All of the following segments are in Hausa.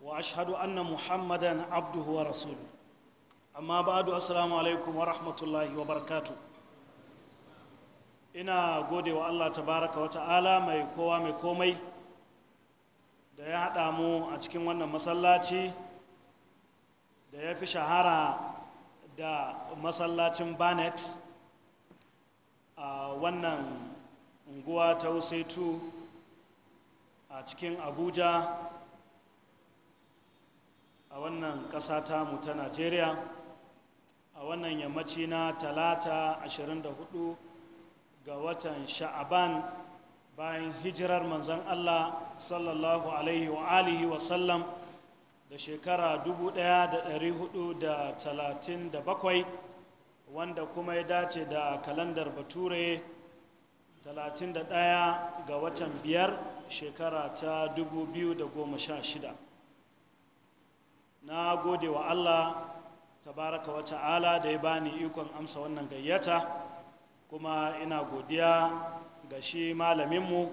واشهد ان محمدا عبده ورسوله amma ba'adu asalamu alaikum wa rahmatullahi wa barakatu ina gode wa allah tabaraka wa ta'ala mai kowa mai komai da ya haɗa mu a cikin wannan masallaci da ya fi shahara da masallacin banet a wannan unguwa ta 2 a cikin abuja a wannan ƙasa ta ta najeriya a wannan yammaci na talata 24 ga watan sha'aban bayan hijirar manzan allah sallallahu alaihi wa alihi sallam da shekara 1437 wanda kuma ya dace da kalandar bature 31 ga watan biyar shekara ta 2016 na gode wa Allah tabaraka wa ta'ala da ya bani ikon amsa wannan gayyata kuma ina godiya ga shi malaminmu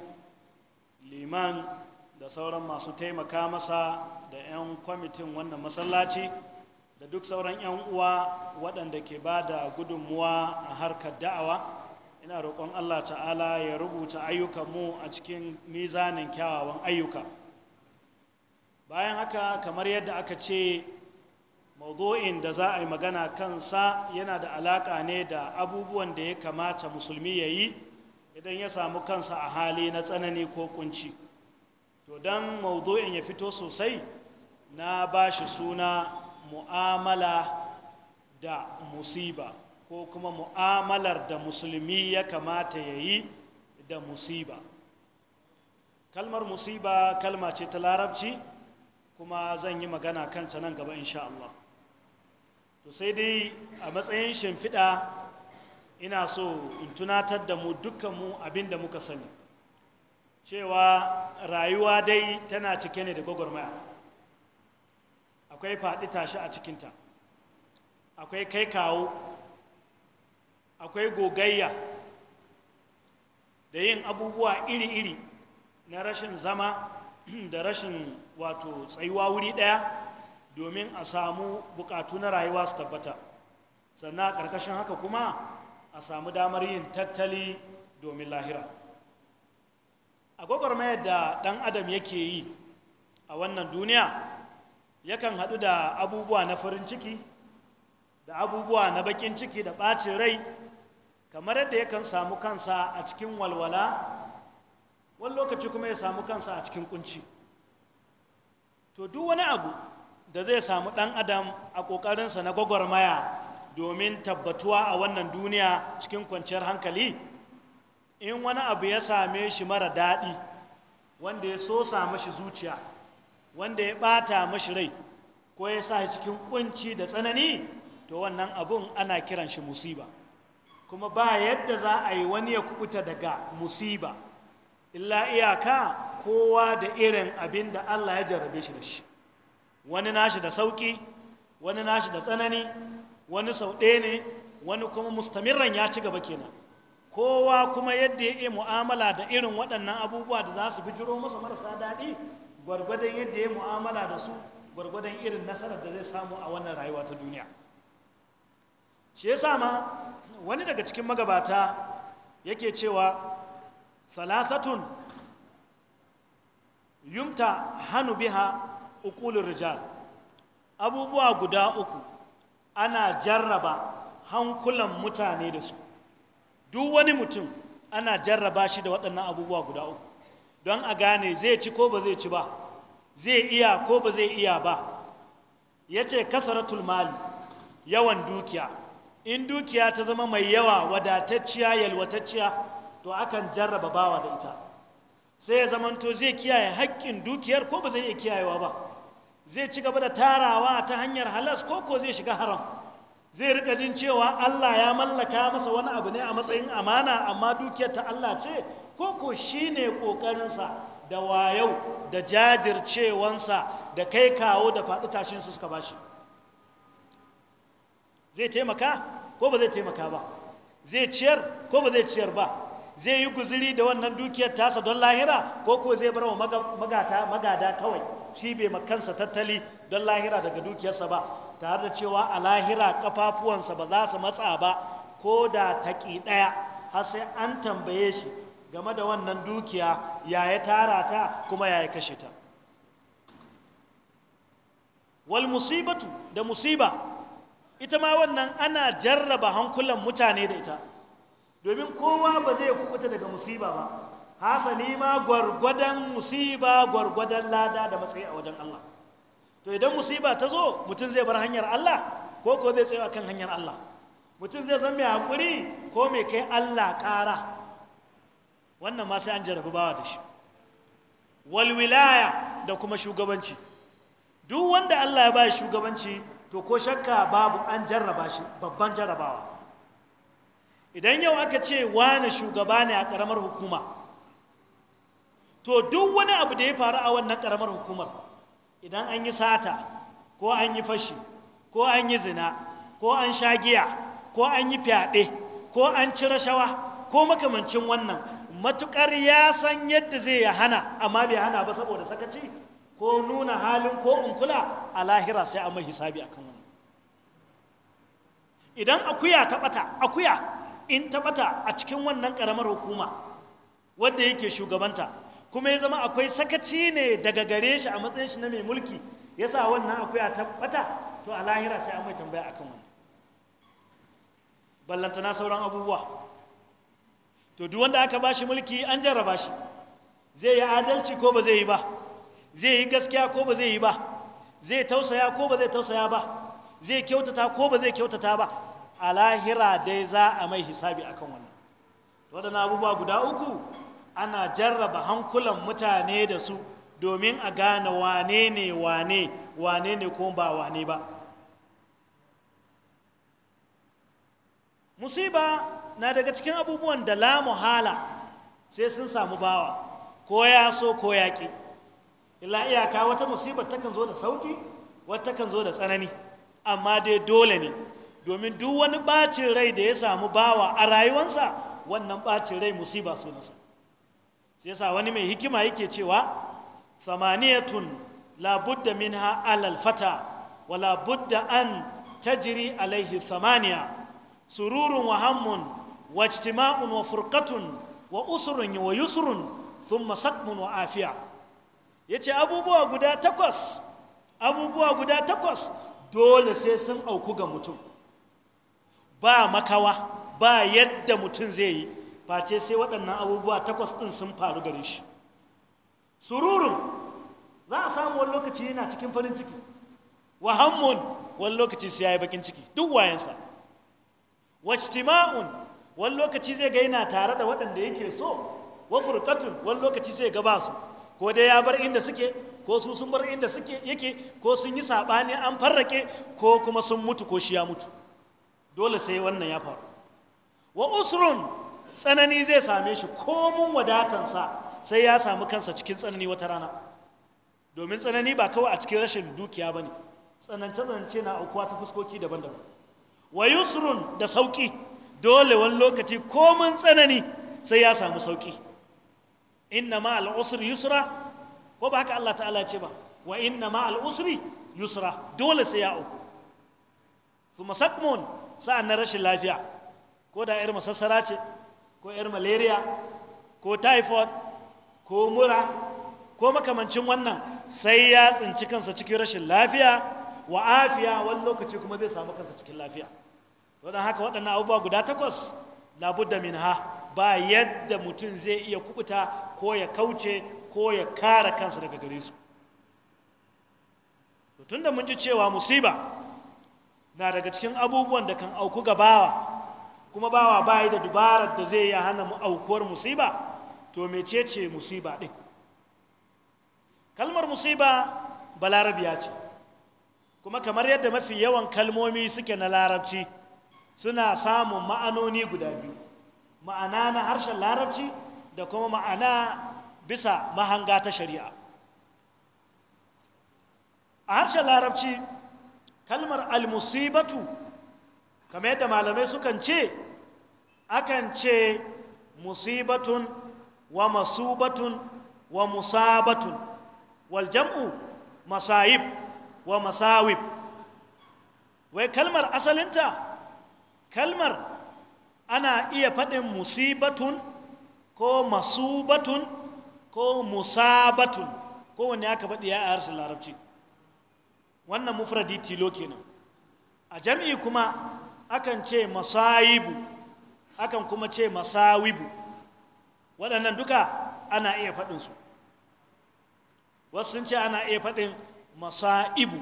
liman da sauran masu taimaka masa da 'yan kwamitin wannan masallaci da duk sauran 'yan uwa waɗanda ke ba da gudunmuwa a harkar da'awa ina roƙon allah ta'ala ya rubuta ayyukanmu a cikin mizanin kyawawan ayyuka bayan haka kamar yadda aka ce maudu'in da za a yi magana kansa yana da alaƙa ne da abubuwan da ya kamata musulmi ya yi idan ya samu kansa a hali na tsanani ko kunci to don maudu'in ya fito sosai na ba shi suna mu'amala da musiba ko kuma mu'amalar da musulmi ya kamata ya yi da musiba kalmar musiba kalma ce ta larabci kuma zan yi magana kanta nan gaba in sha Allah to sai dai a matsayin shimfiɗa ina so in tunatar da mu mu abin da muka sani cewa rayuwa dai tana cike ne da gwagwarmaya akwai faɗi tashi a cikinta akwai kai kawo akwai gogayya da yin abubuwa iri-iri na rashin zama da rashin wato tsayuwa wuri ɗaya domin a samu bukatu na rayuwa su tabbata sannan a ƙarƙashin haka kuma a samu damar yin tattali domin lahira a gwagwarmayar da ɗan adam yake yi a wannan duniya yakan haɗu da abubuwa na farin ciki da abubuwa na bakin ciki da ɓacin rai kamar yadda yakan samu kansa a cikin walwala wani lokaci kuma ya samu kansa a cikin kunci to duk wani abu da zai samu ɗan adam a ƙoƙarinsa na gwagwarmaya domin tabbatuwa a wannan duniya cikin kwanciyar hankali in wani abu ya same shi mara daɗi wanda ya so mashi shi zuciya wanda ya ɓata mashi rai ko ya sa shi cikin kunci da tsanani to wannan abun ana kiran shi musiba kuma ba yadda za a yi wani ya kubuta daga musiba illa iyaka kowa da irin abin da Allah ya jarrabe shi da shi wani nashi da sauki wani nashi da tsanani wani sau ɗaya ne wani kuma mustamirran ya ci gaba kenan kowa kuma yadda ya iya mu'amala da irin waɗannan abubuwa da za su jiro masa marasa daɗi gwargwadon yadda ya mu'amala da su gwargwadon irin nasarar da zai samu a wannan rayuwa ta duniya shi ma wani daga cikin magabata yake cewa salasatun yumta hannu biha ukulun rijal abubuwa guda uku ana jarraba hankulan mutane da su duk wani mutum ana jarraba shi da waɗannan abubuwa guda uku don a gane zai ci ko ba zai ci ba zai iya ko ba zai iya ba ya ce kasaratul mali yawan dukiya in dukiya ta zama mai yawa wadatacciya yalwatacciya to akan jarraba bawa da ita sai ya zamanto zai kiyaye haƙƙin dukiyar ko ba zai iya kiyayewa ba zai ci gaba da tarawa ta hanyar halas ko ko zai shiga haram zai rika jin cewa Allah ya mallaka masa wani abu ne a matsayin amana amma dukiyar ta Allah ce ko ko shine sa da wayau da jajircewansa da kai kawo da faɗi tashin su suka bashi zai taimaka ko ba zai taimaka ba zai ciyar ko ba zai ciyar ba zai yi guziri da wannan dukiyar tasa don lahira ko ko zai bar wa magata magada kawai shi bai makansa tattali don lahira daga dukiyarsa ba tare da cewa a lahira kafafuwansa ba za su matsa ba ko da taƙi ɗaya har sai an tambaye shi game da wannan dukiya ya ya tara ta kuma ya ya kashe ta wal musibatu da musiba ita ma wannan ana jarraba hankulan mutane da ita domin kowa ba zai kubuta daga musiba ba hasali ma gwargwadon musiba gwargwadon lada da matsayi a wajen Allah to idan musiba ta zo mutum zai bar hanyar Allah ko ko zai tsaye kan hanyar Allah mutum zai zama mai hakuri ko mai kai Allah ƙara wannan ma sai an jarabi bawa da shi walwilaya da kuma shugabanci duk wanda Allah ya ba shugabanci to ko shakka babu an jarraba shi babban jarrabawa idan yau aka ce wani shugaba ne a ƙaramar hukuma to duk wani abu da ya faru a wannan ƙaramar hukumar idan an yi sata ko an yi fashi ko an yi zina ko an sha giya ko an yi fyaɗe ko an ci rashawa ko makamancin wannan matuƙar ya san yadda zai ya hana amma bai hana ba saboda sakaci ko nuna halin ko in kula a lahira sai a mai hisabi a kan wannan idan akuya ta ɓata akuya in ta bata a cikin wannan karamar hukuma wanda yake shugabanta kuma ya zama akwai sakaci ne daga gare shi a matsayin shi na mai mulki ya sa wannan akwai a tabbata to a lahira sai an mai tambaya a akan wannan ballantana sauran abubuwa to duk wanda aka shi mulki an jarraba shi zai yi adalci ko ba zai yi ba zai yi gaskiya ko ba zai yi ba zai tausaya ko ba zai tausaya ba zai kyautata ko ba zai kyautata ba a lahira dai za a mai hisabi akan wannan waɗannan abubuwa guda uku ana jarraba hankulan mutane da su domin a gane wane ne wane wane ne ko ba wane ba musiba na daga cikin abubuwan da la muhala sai sun samu bawa ko ya so ko ya ƙi illa iyaka wata musibar takan zo da sauki, wata kan zo da tsanani amma dai dole ne domin duk wani ɓacin rai da ya samu bawa a rayuwansa wannan ɓacin rai musiba sunansa sai sa wani mai hikima yake cewa samaniyatun labudda minha alal fata wa labudda an tajiri alaihi samaniya sururun wa hammun wa ijtima'un wa furkatun wa usurun wa yusurun thumma sakmun wa afiya yace abubuwa guda takwas abubuwa guda takwas dole sai sun auku ga mutum ba makawa ba yadda mutum zai yi face sai waɗannan abubuwa takwas ɗin sun faru gare shi sururun za a samu wani lokaci yana cikin farin ciki wa hammun wani lokaci sai ya yi bakin ciki duk wayansa wajtima'un wani lokaci zai ga yana tare da waɗanda yake so wa furkatun wani lokaci sai ga su ko dai ya bar inda suke ko su sun bar inda suke yake ko sun yi saɓani an farrake ko kuma sun mutu ko shi ya mutu dole sai wannan ya faru wa usrun tsanani zai same shi komun wadatansa sai ya samu kansa cikin tsanani wata rana domin tsanani ba kawai a cikin rashin dukiya ba ne tsanance-tsanance na aukuwa ta fuskoki daban-daban wa yusrun da sauƙi dole wani lokaci komun tsanani sai ya samu sauƙi inna ma al'usri yusra ko ba haka Allah ta'ala ce ba wa inna ma al'usri yusra dole sai ya auku su masakmun sa'an na rashin lafiya ko da irin masassara ce ko irin malaria ko typhoid ko mura ko makamancin wannan sai ya tsinci kansa cikin rashin lafiya wa afiya wani lokaci kuma zai samu kansa cikin lafiya wadda haka waɗannan abubuwa guda takwas labudda min ha ba yadda mutum zai iya kubuta ko ya kauce ko ya kara kansa daga gare su tun da mun ji cewa musiba na daga cikin abubuwan da kan auku ga bawa kuma bawa bayi da dubarar da zai ya hana mu aukuwar musiba to mecece musiba ɗin kalmar musiba balarabiya ce kuma kamar yadda mafi yawan kalmomi suke na larabci suna samun ma'anoni guda biyu ma'ana na harshen larabci da kuma ma'ana bisa mahanga ta shari'a a harshen larabci kalmar almusibatu kamar yadda malamai sukan ce akan ce musibatun wa masubatun wa musabatun wal jam'u masayib wa masawib wai kalmar asalinta kalmar ana iya faɗin musibatun ko masubatun ko musabatun kowanne aka faɗi ya a harshen larabci wannan mufradi tilo kenan a jam'i kuma akan ce masayibu akan kuma ce masawibu waɗannan duka ana iya faɗinsu wasu sun ce ana iya faɗin masa'ibu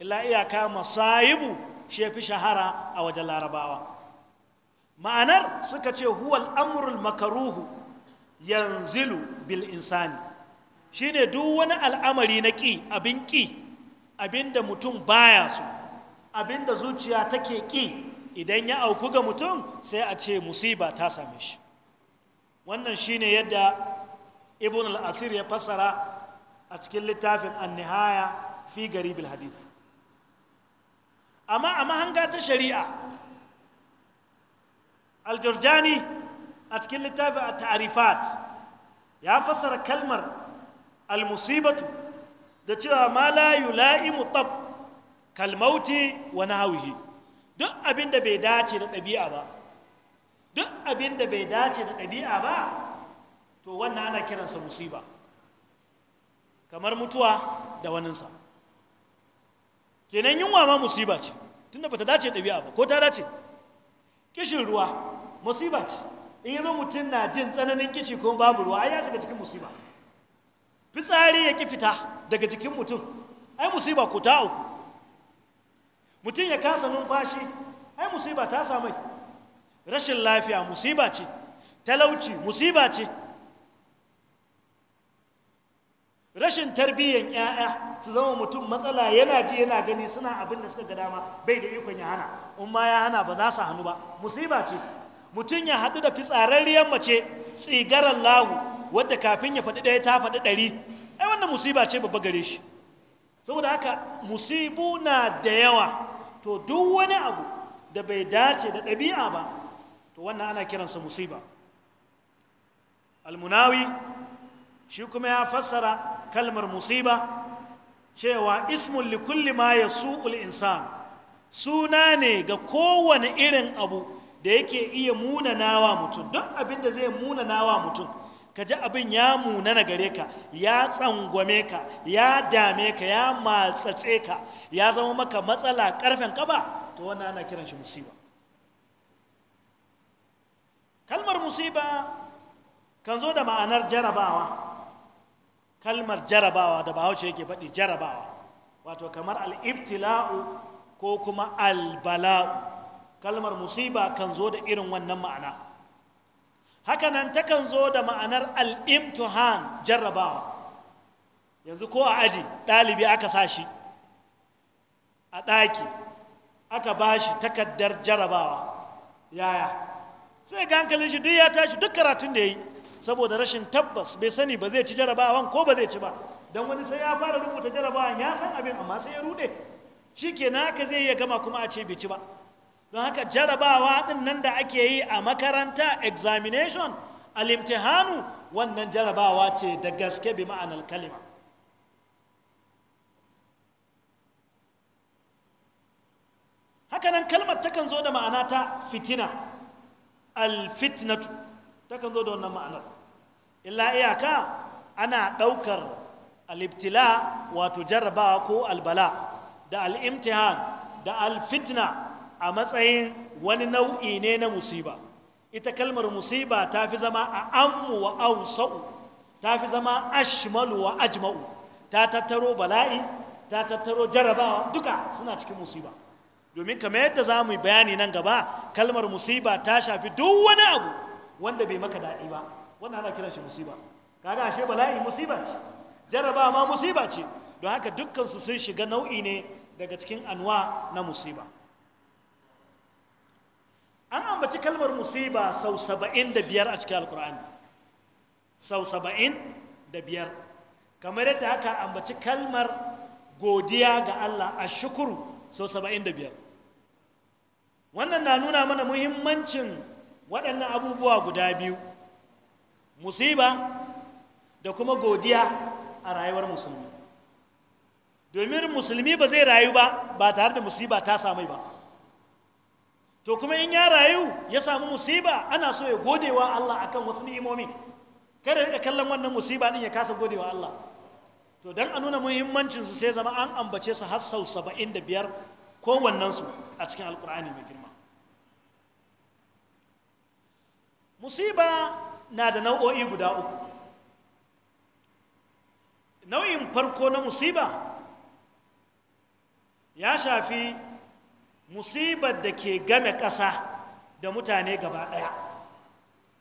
illa iyaka masaibu shi fi shahara a wajen larabawa ma'anar suka ce huwal amrul makaruhu yanzilu bil insani shine duk wani al'amari na ƙi abin ƙi abinda mutum baya so abinda zuciya take ƙi idan ya auku ga mutum sai a ce musiba ta same shi wannan shine yadda ibn al-asir ya fassara a cikin littafin an-nihaya fi Garibil hadith amma a mahanga ta shari'a al-jurjani a cikin littafin at-ta'rifat ya fassara kalmar al-musibatu da cewa ma la yula'imu tab kalmauti wa nahwihi duk abin da bai dace da ɗabi'a ba duk abin da bai dace da ɗabi'a ba to wannan ana kiransa musiba kamar mutuwa da waninsa kenan yunwa ma musiba ce tunda bata dace ɗabi'a ba ko ta dace kishin ruwa musiba ce in yanzu mutum na jin tsananin kishi ko babu ruwa ai ya shiga cikin musiba fitsari ya ki fita daga jikin mutum ai musiba ku ta uku mutum ya kasa numfashi ai musiba ta samai rashin lafiya musiba ce talauci musiba ce rashin tarbiyyar 'ya'ya su zama mutum matsala yana ji yana gani suna abin da suka ga dama bai da ikon ya hana in ma ya hana ba za su hannu ba musiba ce mutum ya haɗu da fitsararriyar mace tsigarar lahu wadda kafin ya faɗi ɗaya ta faɗi ɗari ai wannan musiba ce babba gare shi saboda haka musibu na da yawa to duk wani abu da bai dace da ɗabi'a ba to wannan ana kiransa musiba almunawi shi kuma ya fassara kalmar musiba cewa ismun likulli ma ya su'ul insan suna ne ga kowane irin abu da yake iya munanawa mutum don abin da zai munanawa mutum ka ji abin ya munana gare ka ya tsangwame ka ya dame ka ya matsatse ka ya zama maka matsala karfen kaba to wannan ana kiran shi musiba kalmar musiba kan zo da ma'anar jarabawa kalmar jarabawa da bahaushe yake faɗi jarabawa wato kamar al'ibtila'u ko kuma albala'u kalmar musiba kan zo da irin wannan ma'ana hakanan takan zo da ma'anar al'imtuhan jarrabawa yanzu ko a aji ɗalibi aka sa shi a ɗaki aka ba shi takaddar jarrabawa yaya sai ga hankalin shi duk ya tashi duk karatun da ya yi saboda rashin tabbas bai sani ba zai ci jarrabawan ko ba zai ci ba don wani sai ya fara rubuta jarrabawan ya san abin amma sai ya rude shi na aka zai iya gama kuma a ce bai ci ba don haka jarabawa ɗin nan da ake yi a makaranta examination alimtihanu wannan jarabawa ce da gaske bi ma'anar kalima hakanan kalmar takan zo da ma'ana ta fitina alfitnatu takan zo da wannan ma'anar illa iyaka ana ɗaukar alibtila wato jarrabawa ko albala da al'imtihan da alfitna a matsayin wani nau'i ne na musiba ita kalmar musiba ta fi zama a ammu wa ausa'u ta fi zama ashmalu wa ajma'u ta tattaro bala'i ta tattaro jarabawa duka suna cikin musiba domin kamar yadda za mu yi bayani nan gaba kalmar musiba ta shafi duk wani abu wanda bai maka daɗi ba wannan ana kiran shi musiba kaga ashe bala'i musiba ce jarabawa ma musiba ce don haka dukkansu sun shiga nau'i ne daga cikin anwa na musiba an ambaci kalmar musiba sau saba'in da biyar a cikin alkur'ani sau saba'in da biyar kamar yadda aka ambaci kalmar godiya ga Allah a shukuru sau saba'in da biyar wannan na nuna mana muhimmancin waɗannan abubuwa guda biyu musiba da kuma godiya a rayuwar musulmi domin musulmi ba zai rayu ba ba tare da musiba ta samai ba to kuma in ya rayu ya samu musiba ana so ya godewa Allah akan wasu ni'imomi kada rika kallon wannan musiba din ya kasa godewa Allah to dan a nuna muhimmancin su sai zama an ambace su har sau 75 kowannen su a cikin alkur'ani mai girma musiba na da nau'o'i guda uku nau'in farko na musiba ya shafi musibar da ke game ƙasa da mutane gaba ɗaya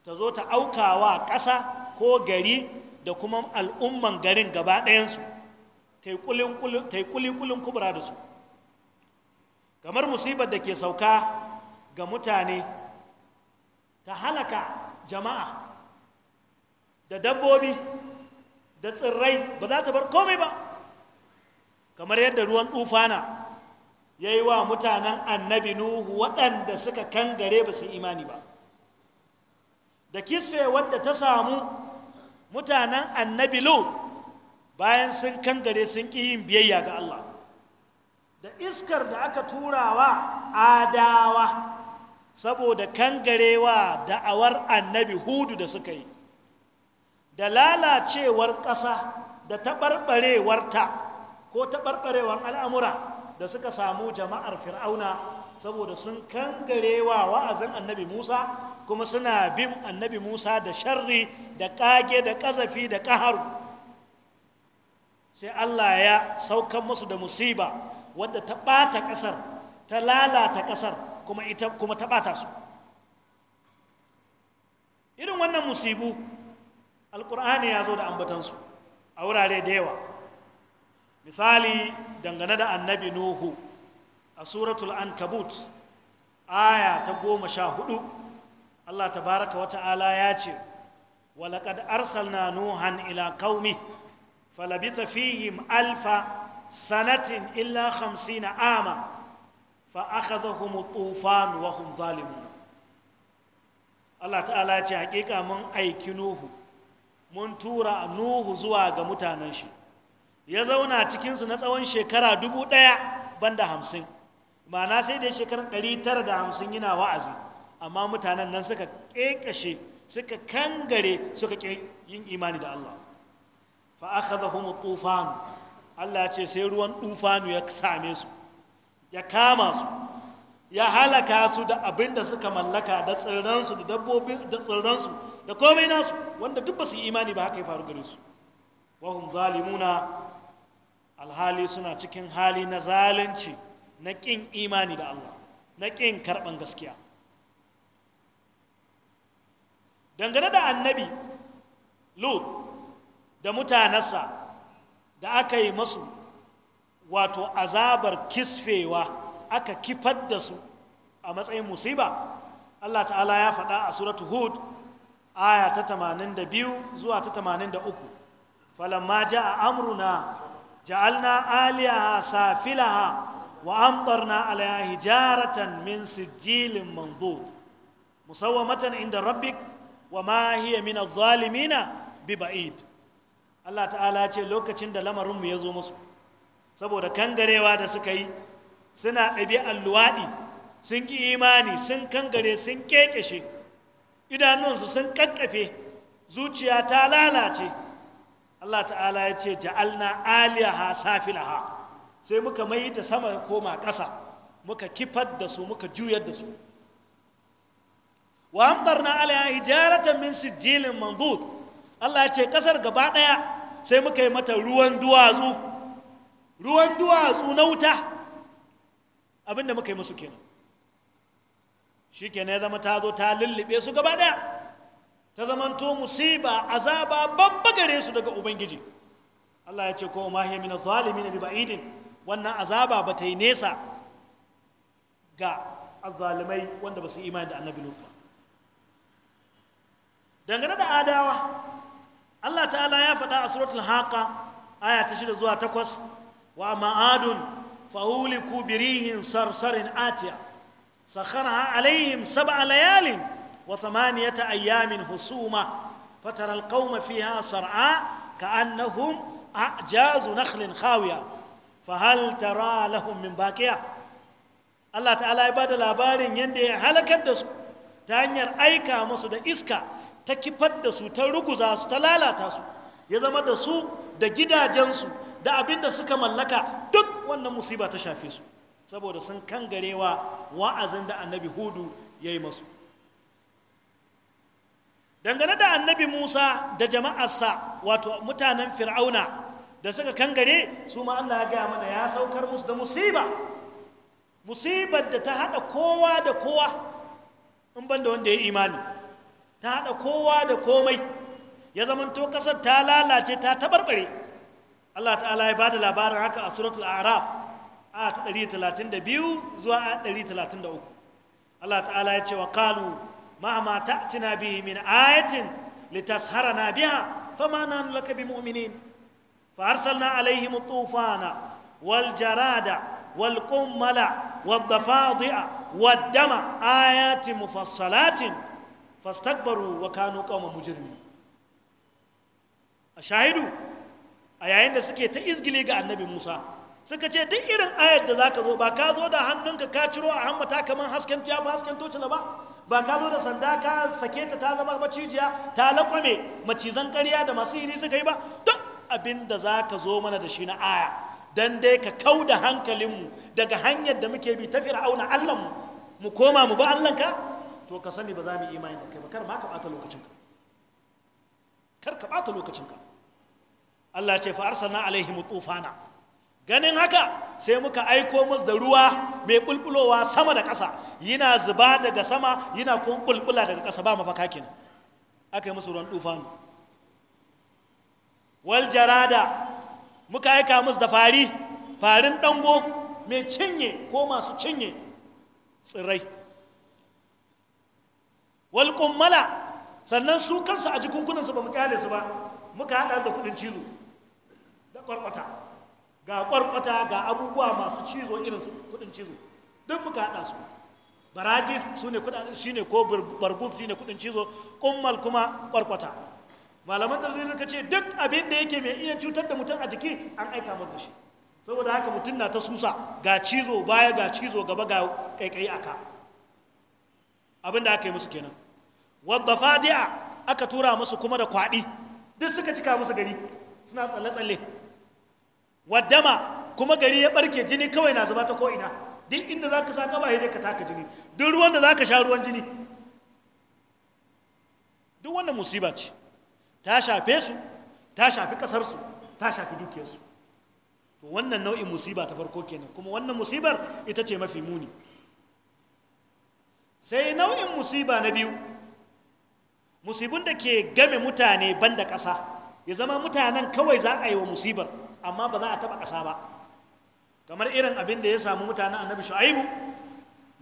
ta zo ta auka wa ƙasa ko gari da kuma al'umman garin gaba ɗayansu ta yi kulikulin kubra da su kamar musibar da ke sauka ga mutane ta halaka jama'a da dabbobi da tsirrai ba za ta bar komai ba kamar yadda ruwan tufana ya yi wa mutanen annabi nuhu waɗanda suka kangare ba su imani ba da kisfe wadda ta samu mutanen annabi lut bayan sun kangare sun ƙi yin biyayya ga allah da iskar da aka turawa adawa saboda kangarewa da'awar annabi hudu da suka yi da lalacewar ƙasa da taɓarɓarewarta ko taɓarɓarewar al'amura da suka samu jama'ar fir'auna saboda sun kangarewa wa'azin annabi musa kuma suna bin annabi musa da sharri da kage da kazafi da kaharu sai allah ya saukan musu da musiba wadda ta ɓata ƙasar ta lalata ƙasar kuma ita kuma ta ɓata su irin wannan musibu alƙur'ani ya zo da ambatansu a wurare da yawa misali dangane da annabi nuhu a suratul ankabut aya ta goma sha hudu allah tabaraka wata'ala ya ce walaƙad arsalna nuhan ila kaumi falabita fihim alfa sanatin illa hamsina ama fa akhadhahum tufan wa hum Allah ta'ala ce hakika mun aiki nuhu mun tura nuhu zuwa ga mutanen shi ya zauna cikinsu na tsawon shekara dubu ɗaya banda hamsin ma'ana sai da shekarar ɗari tara da hamsin yana wa'azi amma mutanen nan suka ƙeƙashe suka kangare suka ƙe yin imani da Allah fa akhadhahum tufanu Allah ce sai ruwan tufanu ya same su ya kama su ya halaka su da abin da suka mallaka da tsirransu da dabbobin da tsirransu da komai nasu wanda duk ba su yi imani ba haka ya faru gare su wahum zalimuna alhali suna cikin hali na zalunci na ƙin imani da Allah na ƙin karɓan gaskiya dangane da annabi lut da mutanensa da aka yi masu wato azabar kisfewa aka kifar da su a matsayin musiba Allah ta'ala ya faɗa a suratu hud aya ta 82 zuwa ta 83 falamma a amruna ja'alna aliyaha safilaha wa amtarna alaiha hijaratan min sijilin mandud musawwamatan inda rabbik wa ma hiya min adh Allah ta'ala ce lokacin da lamarin mu ya zo musu saboda kangarewa da suka yi suna ɗabi'an luwaɗi sun ƙi imani sun kangare sun ƙeƙeshe idanunsu sun ƙaƙƙafe zuciya ta lalace Allah ta'ala ya ce ja'alna aliyaha safilaha sai muka mai da sama ya koma ƙasa muka kifar da su muka juyar da su wa amtarna alaiha hijaratan min sijilin mandud Allah ya ce ƙasar gaba ɗaya sai muka yi mata ruwan duwatsu ruwan duwatsu na wuta abinda muka yi musu kenan shi kenan ya zama ta zo ta lullube su gaba ɗaya ta zamanto musiba azaba babba gare su daga ubangiji Allah ya ce ko ma hiya min zalimin bi ba'idin wannan azaba ba ta yi nesa ga azalimai wanda ba su imani da annabi lut ba dangane da adawa Allah ta'ala ya faɗa a suratul haqa aya ta 6 zuwa 8 wa ma'adun fahuliku birihin sarsarin atiya sakharaha alaihim sab'a layalin وثمانية أيام حسومة فترى القوم فيها صرعاء كأنهم أعجاز نخل خاوية فهل ترى لهم من باقية الله تعالى يبادى لابارين يندي هلكت دسو تانير أيكا مصد إسكا تكفت دسو ترقزا سو تلالا تاسو يزم دسو دا جدا جنسو دا abin da ملكا دك وانا مصيبة تشافيسو سبو دسن su saboda sun kangarewa wa'azin da annabi dangane da annabi musa da jama'arsa wato mutanen fir'auna da suka kangare su ma allah ya gaya mana ya saukar musu da musiba musibar da ta haɗa kowa da kowa in ban da wanda ya imani ta haɗa kowa da komai ya zamanto ƙasar ta lalace ta taɓarɓare allah ta'ala ya ba da labarin haka a suratul araf a 132 zuwa 133 allah ta'ala ya ce wa kalu مهما تأتنا به من آية لتسهرنا بها فما نحن لك بمؤمنين فأرسلنا عليهم الطوفان والجراد والقمل والضفادع والدم آيات مفصلات فاستكبروا وكانوا قوم مجرمين أشاهدوا a yayin da suke ta izgile ga annabi musa suka ce duk irin ayar da za ka zo ba ka zo da hannunka ka ciro a hammata kamar hasken ya fi hasken tocila ba ba ka zo da sanda ka sake ta ta zama macijiya ta lakwame macizan ƙarya da masu hiri suka yi ba duk abin da za ka zo mana da shi na aya don dai ka kau da hankalinmu daga hanyar da muke bi ta fir'auna allahnmu mu koma mu ba allahnka to ka sani ba za mu yi imani da kai ba kar ma ka ɓata lokacinka kar ka ɓata lokacinka allah ce fa alaihi mu tufana ganin haka sai muka aiko musu da ruwa mai ɓulɓulowa sama da ƙasa yana zuba daga sama yana kuma bulbula daga kasa ba mafaka kenan aka yi musu ruwan tufanu wal jarada muka aika musu da fari farin dango mai cinye ko masu cinye tsirrai wal kummala sannan su kansu a su ba mu kyale su ba muka haɗa da kudin cizo da kwarkwata ga kwarkwata ga abubuwa masu cizo irin su kudin cizo duk muka haɗa su Faradis su ne shi ne ko bargus shi ne kudin cizo kummal kuma kwarkwata malaman na suka ce duk abin da yake mai iya cutar da mutum a jiki an aika masa da shi saboda haka mutum na ta susa ga cizo baya ga cizo gaba ga kaikayi aka abin da aka yi musu kenan wadda fadi'a aka tura musu kuma da kwaɗi duk suka cika musu gari suna tsalle-tsalle waddama kuma gari ya barke jini kawai na zuba ta ko'ina duk inda za ka sa ƙaba ya ka taka jini duk ruwan da za ka sha ruwan jini duk wannan musiba ce ta shafe su ta shafi ƙasarsu ta shafi dukiyarsu to wannan nau'in musiba ta farko kenan kuma wannan musibar ita ce mafi muni sai nau'in musiba na biyu musibin da ke game mutane banda ƙasa ya zama mutanen kawai za a yi wa musibar amma ba za a taɓa ƙasa ba kamar irin abin da ya samu mutanen annabi shu'aibu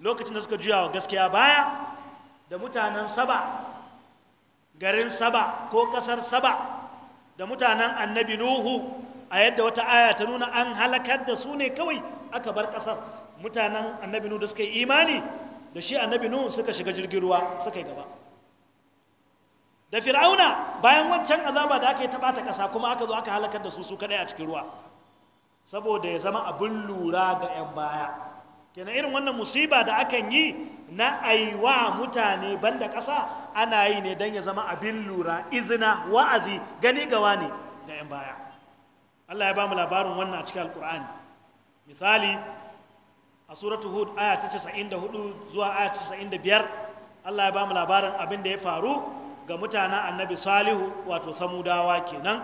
lokacin da suka juya wa gaskiya baya da mutanen saba garin saba ko kasar saba da mutanen annabi nuhu a yadda wata aya ta nuna an halakar da su ne kawai aka bar kasar mutanen annabi nuhu da suka yi imani da shi annabi nuhu suka shiga jirgin ruwa suka yi gaba da fir'auna bayan wancan azaba da aka yi ta ɓata ƙasa kuma aka zo aka halakar da su su kaɗai a cikin ruwa saboda ya zama abin lura ga 'yan baya kenan irin wannan musiba da akan yi na aiwa mutane banda ƙasa ana yi ne don ya zama abin lura izina wa'azi gani gawa ne ga 'yan baya Allah ya ba mu labarin wannan a cikin alkur'ani misali a suratu hud aya ta 94 zuwa aya 95 Allah ya ba mu labarin abin da ya faru ga mutanen annabi salihu wato samudawa kenan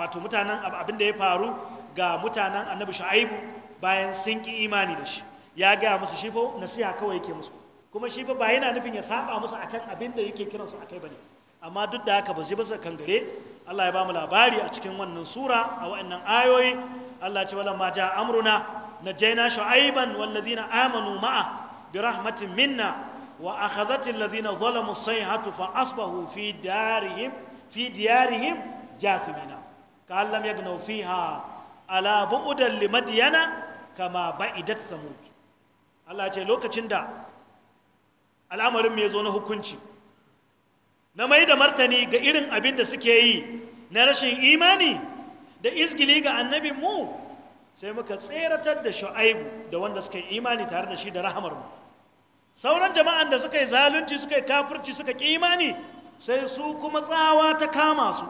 wato mutanen abin da ya faru ga mutanen annabi shu'aibu bayan sun imani da shi ya gaya musu shi nasiha kawai yake musu kuma shi ba yana nufin ya saba musu akan abin da yake kiran su akai bane amma duk da haka ba su basa kan gare Allah ya ba mu labari a cikin wannan sura a wa'annan ayoyi Allah ya ce wala ma ja amruna najaina shu'aiban wal ladina amanu ma'a bi rahmatin minna wa akhadhat alladhina zalamu sayhatu fa asbahu fi darihim fi diyarihim jathimina ka lam yagnaw fiha ala bu'udan limadiyana kama ba'idat samud Allah ce lokacin da al'amarin mai zo na hukunci na mai da martani ga irin abin da suke yi na rashin imani da izgili ga annabin mu sai muka tseratar da shu'aibu da wanda suka yi imani tare da shi da rahamar mu sauran jama'an da suka yi zalunci suka yi kafirci suka ki imani sai su kuma tsawa ta kama su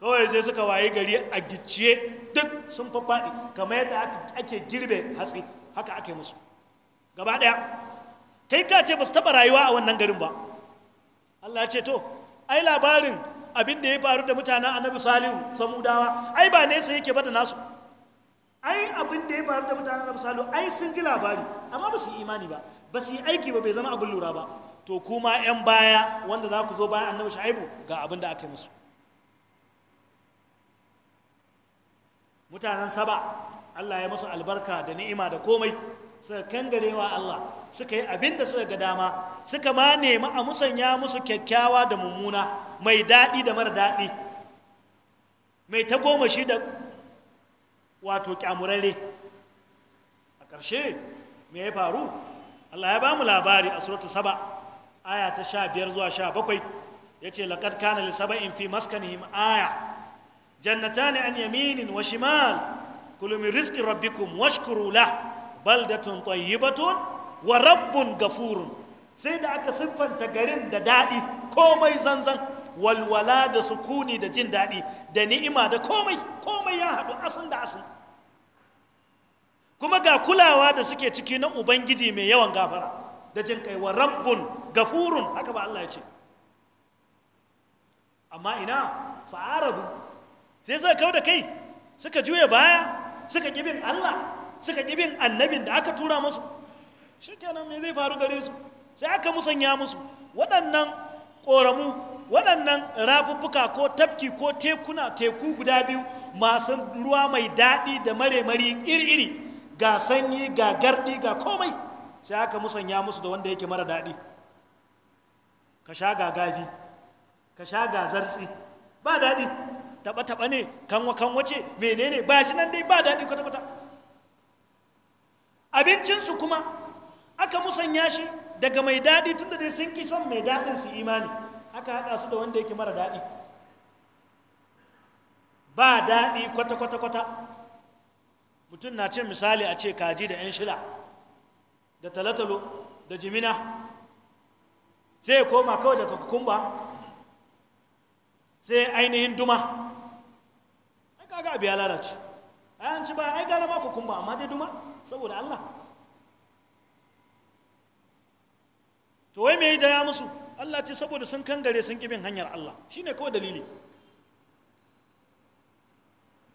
kawai sai suka waye gari a gicciye duk sun faɗi kamar yadda ake girbe hatsi haka ake musu gaba ɗaya kai ka ce ba su taɓa rayuwa a wannan garin ba Allah ya ce to ai labarin abin da ya faru da mutanen annabi salihu samudawa ai ba nesa yake ba da nasu ai abin da ya faru da mutanen annabi salihu ai sun ji labari amma ba su yi imani ba ba su yi aiki ba bai zama abin lura ba to kuma 'yan baya wanda za ku zo bayan annabi shaibu ga abin da aka musu mutanen saba Allah ya musu albarka da ni'ima da komai suka kangare wa Allah suka yi abin da suka ga dama suka ma nemi a musanya musu kyakkyawa da mummuna mai daɗi da mara daɗi mai ta goma shi da wato kyamurare a ƙarshe me ya faru Allah ya ba mu labari a suratu saba aya ta sha biyar zuwa sha bakwai ya ce laƙar kana in fi maskanihim aya Jannata jannatani an yaminin wa shimal kulu min rizqi rabbikum washkuru la baldatun tayyibatun wa rabbun gafurun sai da aka siffanta garin da daɗi komai zanzan walwala da sukuni da jin daɗi da ni'ima da komai komai ya haɗu asin da kuma ga kulawa da suke ciki na ubangiji mai yawan gafara da jin kai wa rabbun gafurun haka ba Allah ya ce amma ina fa'aradu sai suka kawo da kai suka juya baya suka ƙibin allah suka ƙibin annabin da aka tura musu shi kenan me zai faru gare su sai aka musanya musu waɗannan ƙoramu waɗannan rafuffuka ko tafki ko tekuna teku guda biyu masu ruwa mai daɗi da mare-mari iri-iri ga sanyi ga garɗi ga komai sai aka musanya musu da wanda yake mara daɗi ka sha ga gafi ka sha ga zartsi ba daɗi taɓa-taɓa ne kanwa-kanwa ce menene ba shi nan dai ba daɗi kwata-kwata abincinsu kuma aka musanya shi daga mai daɗi tun da dai sun ki son mai daɗin su imani aka haɗa su da wanda yake mara daɗi ba daɗi kwata-kwata-kwata mutum na cin misali a ce kaji da 'yan shila da talatalo da jimina sai koma kawai daga kukumba sai ainihin duma kaga abu ya lalace an ci ba ai gara ma ba amma dai duma saboda Allah to wai me da ya musu Allah ce saboda sun kangare sun kibin hanyar Allah shine kawai dalili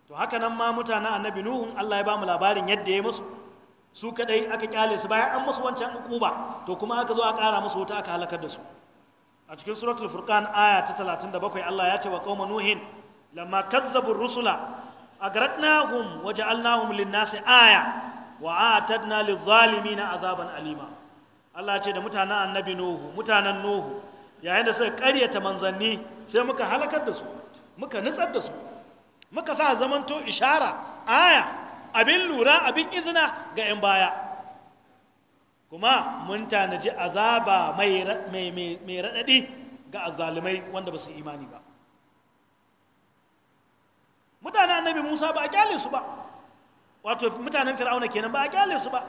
to haka nan ma mutanen annabi nuhun Allah ya ba mu labarin yadda ya musu su kadai aka kyale su bayan an musu wancan ukuba to kuma aka zo a kara musu wuta aka halakar da su a cikin suratul furqan aya ta 37 Allah ya ce wa qauma nuhin lamma kazzabu waje agradnahum waja'alnahum lin-nasi aya wa atadna lidh-dhalimina azaban alima Allah ce da mutanen annabi nuhu mutanen nuhu yayin da suka karyata manzanni sai muka halakar da su muka nutsar da su muka sa zamanto ishara aya abin lura abin izina ga 'yan baya kuma mun tanaji azaba mai raɗaɗi ga azzalumai wanda ba su imani ba mutanen annabi musa ba a kyale su ba wato mutanen fir'auna kenan ba a kyale su ba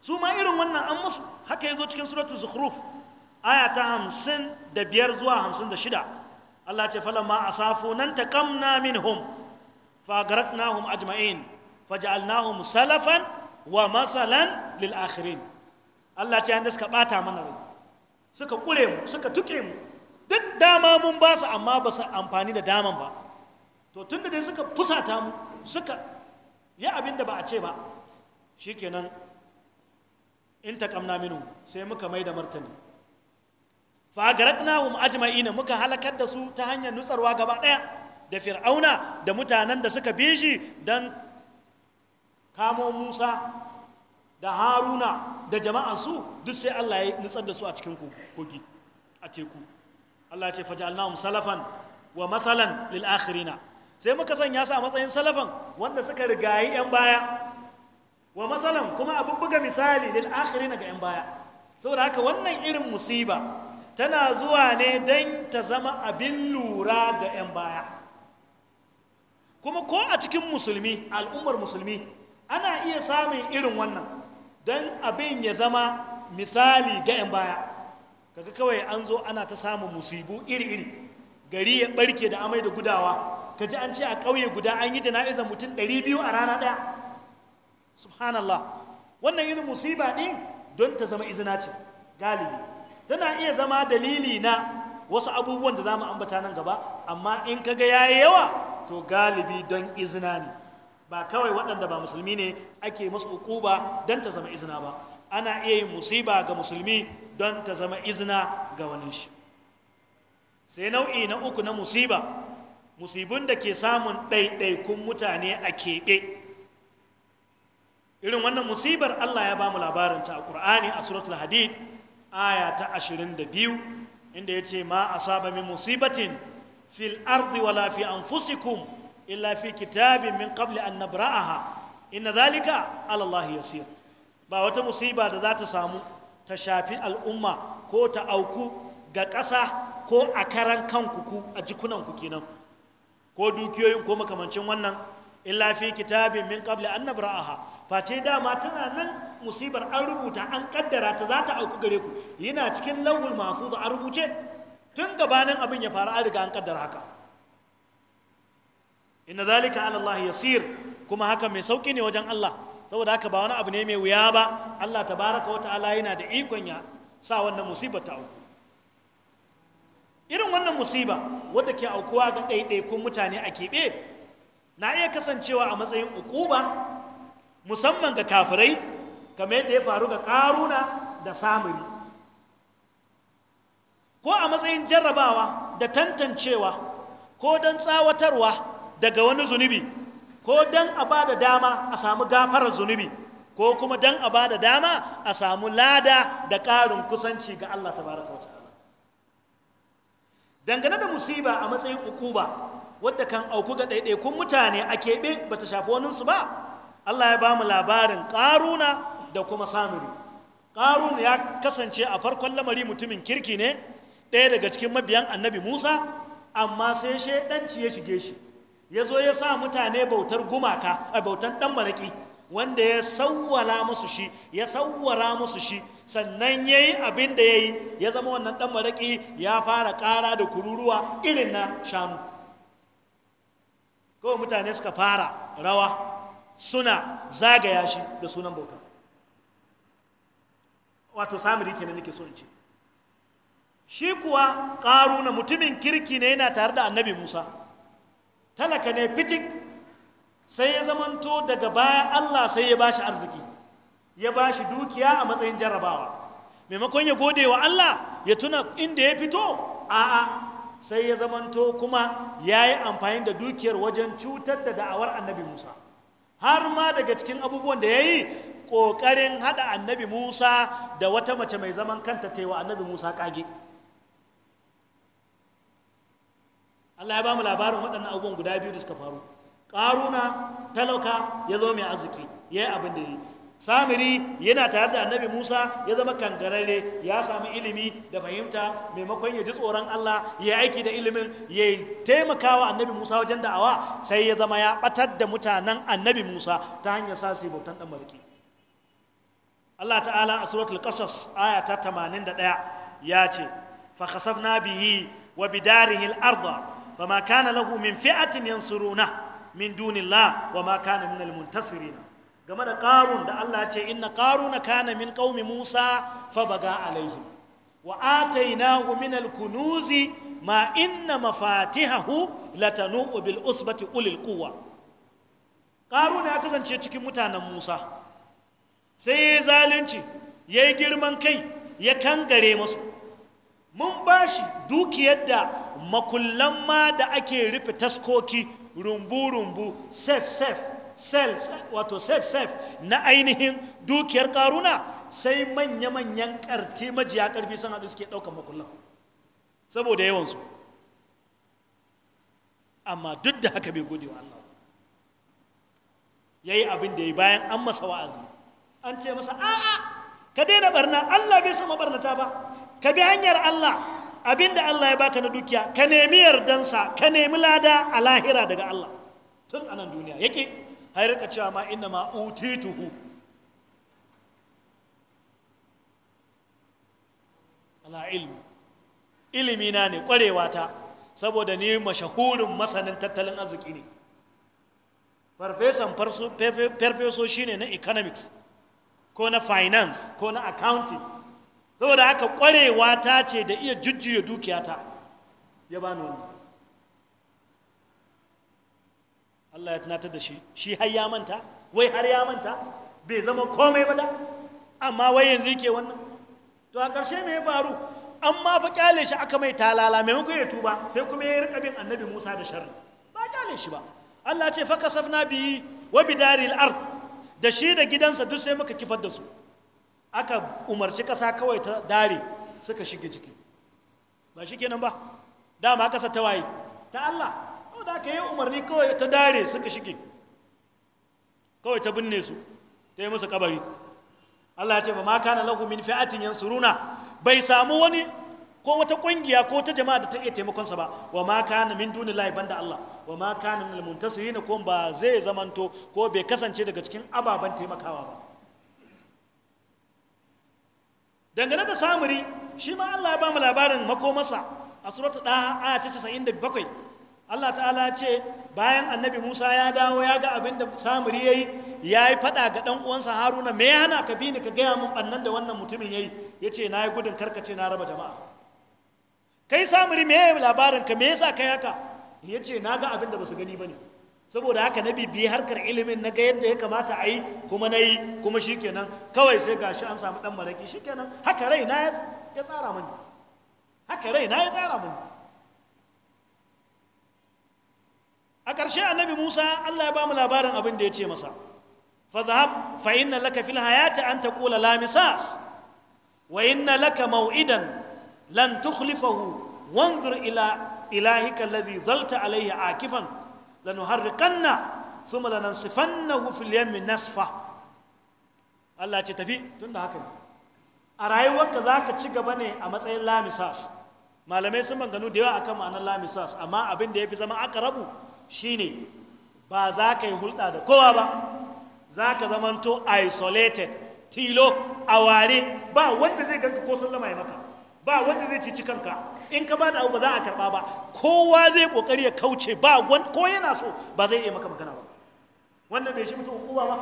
su ma irin wannan an musu haka ya zo cikin suratul zukhruf aya ta hamsin da biyar zuwa hamsin da shida allah ce a safo nan taqamna minhum fagaratnahum ajma'in faj'alnahum salafan wa masalan lil akhirin allah ce yanda suka bata mana rai suka kure mu suka tuke mu duk dama mun ba su amma ba su amfani da daman ba to da dai suka fusata mu suka yi abin da ba a ce ba shikenan in taqamna minu sai muka mai da martani fa garaknahum ajma'ina muka halakar da su ta hanyar nutsarwa gaba daya da fir'auna da mutanen da suka bi shi dan kamo Musa da Haruna da jama'ansu duk sai Allah ya nutsar da su a cikin kogi a teku Allah ce fajalnahum salafan wa matsalan lil sai muka sanya su a matsayin salafan wanda suka rigayi 'yan baya wa matsalan kuma abin buga misali lil akhirina ga 'yan baya saboda haka wannan irin musiba tana zuwa ne dan ta zama abin lura ga 'yan baya kuma ko a cikin musulmi al'ummar musulmi ana iya samun irin wannan don abin ya zama misali ga 'yan baya kaga kawai an zo ana ta samun musibu iri-iri gari ya barke da amai da gudawa ka ji an ce a ƙauye guda an yi jana'izar mutum 200 a rana ɗaya subhanallah wannan irin musiba ɗin don ta zama izina ce galibi tana iya zama dalili na wasu abubuwan da za mu ambata nan gaba amma in kaga ya yi yawa to galibi don izina ne ba kawai waɗanda ba musulmi ne ake masu ukuba don ta zama izina ba ana iya yin musiba ga musulmi don ta zama izina ga wani shi sai nau'i na uku na musiba musibin da ke samun ɗaiɗaikun mutane a keɓe irin wannan musibar allah ya ba mu labarinta a ƙur'ani a suratul hadid aya ta ashirin da biyu inda ya ce ma a saba min musibatin fil ardi wala fi anfusikum illa fi kitabin min qabli an nabra'aha inna zalika ala allah yasir ba wata musiba da za ta samu ta shafi al'umma ko ta auku ga ƙasa ko a karan kanku ku a jikunanku kenan ko dukiyoyin ko makamancin wannan illa fi kitabin min qabli an nabra'aha face dama tana nan musibar an rubuta an kaddara ta za ta auku gare ku yana cikin lawul mahfuz a rubuce tun gabanin abin ya faru an riga an kaddara haka inna zalika ala Allah yasir kuma haka mai sauki ne wajen Allah saboda haka ba wani abu ne mai wuya ba Allah tabaraka wa ta'ala yana da ikon ya sa wannan musibar ta auku irin wannan musiba wadda ke aukuwa ga ɗaiɗaikun mutane a keɓe na iya kasancewa a matsayin ukuba musamman ga kafirai kamar yadda ya faru ga ƙaruna da samuri ko a matsayin jarrabawa da tantancewa ko don tsawatarwa daga wani zunubi ko don a ba da dama a samu gafarar zunubi ko kuma don a ba da dama a samu lada da ƙarin kusanci ga allah ta baraka wata dangane da musiba a matsayin ukuba wadda kan auku ga ɗaiɗaikun mutane a keɓe ba ta shafi waninsu ba allah ya ba mu labarin ƙaruna da kuma samiri ƙaruna ya kasance a farkon lamari mutumin kirki ne ɗaya daga cikin mabiyan annabi musa amma sai shaidanci ya shige shi ya zo ya sa mutane bautar gumaka a bautar ɗan maraƙi wanda ya sawwala musu shi ya sauwara musu shi sannan ya yi abin da ya yi ya zama wannan ɗan maraƙi ya fara ƙara da kururuwa irin na shanu kawai mutane suka fara rawa suna zagaya shi da sunan bauta wato samiri kenan nake so in ce shi kuwa ƙaru na mutumin kirki ne yana tare da annabi musa talaka ne fitik sai ya zamanto daga baya allah sai ya bashi arziki ya ba shi dukiya a matsayin jarrabawa maimakon ya gode wa Allah ya tuna inda ya fito a'a sai ya zamanto kuma ya yi amfani da dukiyar wajen cutar da da'awar annabi Musa har ma daga cikin abubuwan da ya yi ƙoƙarin haɗa annabi Musa da wata mace mai zaman kanta ta wa annabi Musa ƙage Allah ya ba mu labarin waɗannan abubuwan guda biyu da suka faru ƙaruna talauka ya zo mai arziki ya yi abin da ya yi samiri yana tare da annabi musa ya zama kangararre ya samu ilimi da fahimta maimakon ya ji tsoron allah ya aiki da ilimin ya taimakawa annabi musa wajen da'awa sai ya zama ya batar da mutanen annabi musa ta hanyar sa sai bautan dan mulki allah ta'ala a suratul qasas aya ta 81 ya ce fa khasafna bihi wa bidarihi al-ardh fama kana lahu min fi'atin yansuruna min dunillah wa ma kana min al-muntasirin game da ƙarun da Allah ce inna na kana min ƙaumi Musa fa baga alaihim wa atainahu min al-kunuzi ma inna mafatihahu latanu bil usbati ulil quwwa ƙaruna ya kasance cikin mutanen Musa sai ya zalunci ya yi girman kai ya kangare masu mun bashi dukiyar da makullan ma da ake rufe taskoki rumbu-rumbu sef-sef cells wato safe safe na ainihin dukiyar karuna sai manya-manyan karti majiya karfi sun haɗu suke ɗaukan makullan saboda yawansu amma duk da haka bai gode wa Allah ya yi abin da ya bayan an masa wa'azi an ce masa a'a ka daina barna Allah bai so mabarnata ba ka bi hanyar Allah abin da Allah ya baka na dukiya ka nemi yardansa ka nemi lada a lahira daga Allah tun anan duniya yake har cewa ma ina ma utituhu ala ilmi ilimi na ne kwarewa ta saboda ni mashahurin masanin tattalin arziki ne farfesan farfeso ne na economics ko na finance ko na accounting saboda haka kwarewa ta ce da iya jujjuya dukiyata ya bani wani Allah ya tunatar da shi shi har ya manta wai har ya manta bai zama komai ba da amma wai yanzu yake wannan to a ƙarshe mai ya faru amma fa kyale shi aka mai talala maimakon ya tuba sai kuma ya rika bin annabi Musa da sharri ba kyale shi ba Allah ce fa kasafna bihi wa bidaril ard da shi da gidansa duk sai muka kifar da su aka umarci ƙasa kawai ta dare suka shige ciki ba shi kenan ba dama ƙasa ta waye ta Allah saboda ka yi umarni kawai ta dare suka shige kawai ta binne su ta yi masa kabari Allah ya ce ba ma kana lagu min fi'atin runa bai samu wani ko wata kungiya ko ta jama'a da ta iya taimakon sa ba wa ma kana min dunillahi banda Allah wa ma kana minal muntasirin ko ba zai zamanto ko bai kasance daga cikin ababen taimakawa ba dangane da samuri shi ma Allah ya ba mu labarin makomarsa a suratu ɗaya a ce Allah ta'ala ce bayan annabi Musa ya dawo ya ga abin da samuri ya yi ya yi faɗa ga ɗan uwansa haruna me ya hana ka bi ni ka gaya min ɓannan da wannan mutumin ya yi ya ce na yi gudun karkace na raba jama'a kai samuri me ya labarin ka me ka kai haka ya ce na ga abin da ba su gani ba ne saboda haka na bibi harkar ilimin na ga yadda ya kamata a yi kuma na yi kuma shikenan kawai sai gashi an samu ɗan maraki shikenan haka rai na ya tsara mani haka rai na ya tsara mani a ƙarshe annabi musa allah ya ba mu labarin abin da ya ce masa fadhab fa inna laka fil hayati an taqula la misas wa inna laka maw'idan lan tukhlifahu wanzur ila ilahika alladhi dhalta alayhi akifan lanuharriqanna thumma lanansifannahu fil yammi nasfa allah ce tafi tunda haka ne a rayuwarka zaka ci gaba ne a matsayin lamisas malamai sun manganu da yawa akan ma'anar lamisas amma abin da ya fi zama aka rabu shine ba za ka yi hulɗa da kowa ba za ka zamanto isolated tilo a ware ba wanda zai ganka ko sallama ya maka ba wanda zai cici kanka in ka ba da abu ba za a karɓa ba kowa zai ƙoƙari ya kauce ba ko yana so ba zai iya maka magana ba wannan bai shi mutum hukuma ba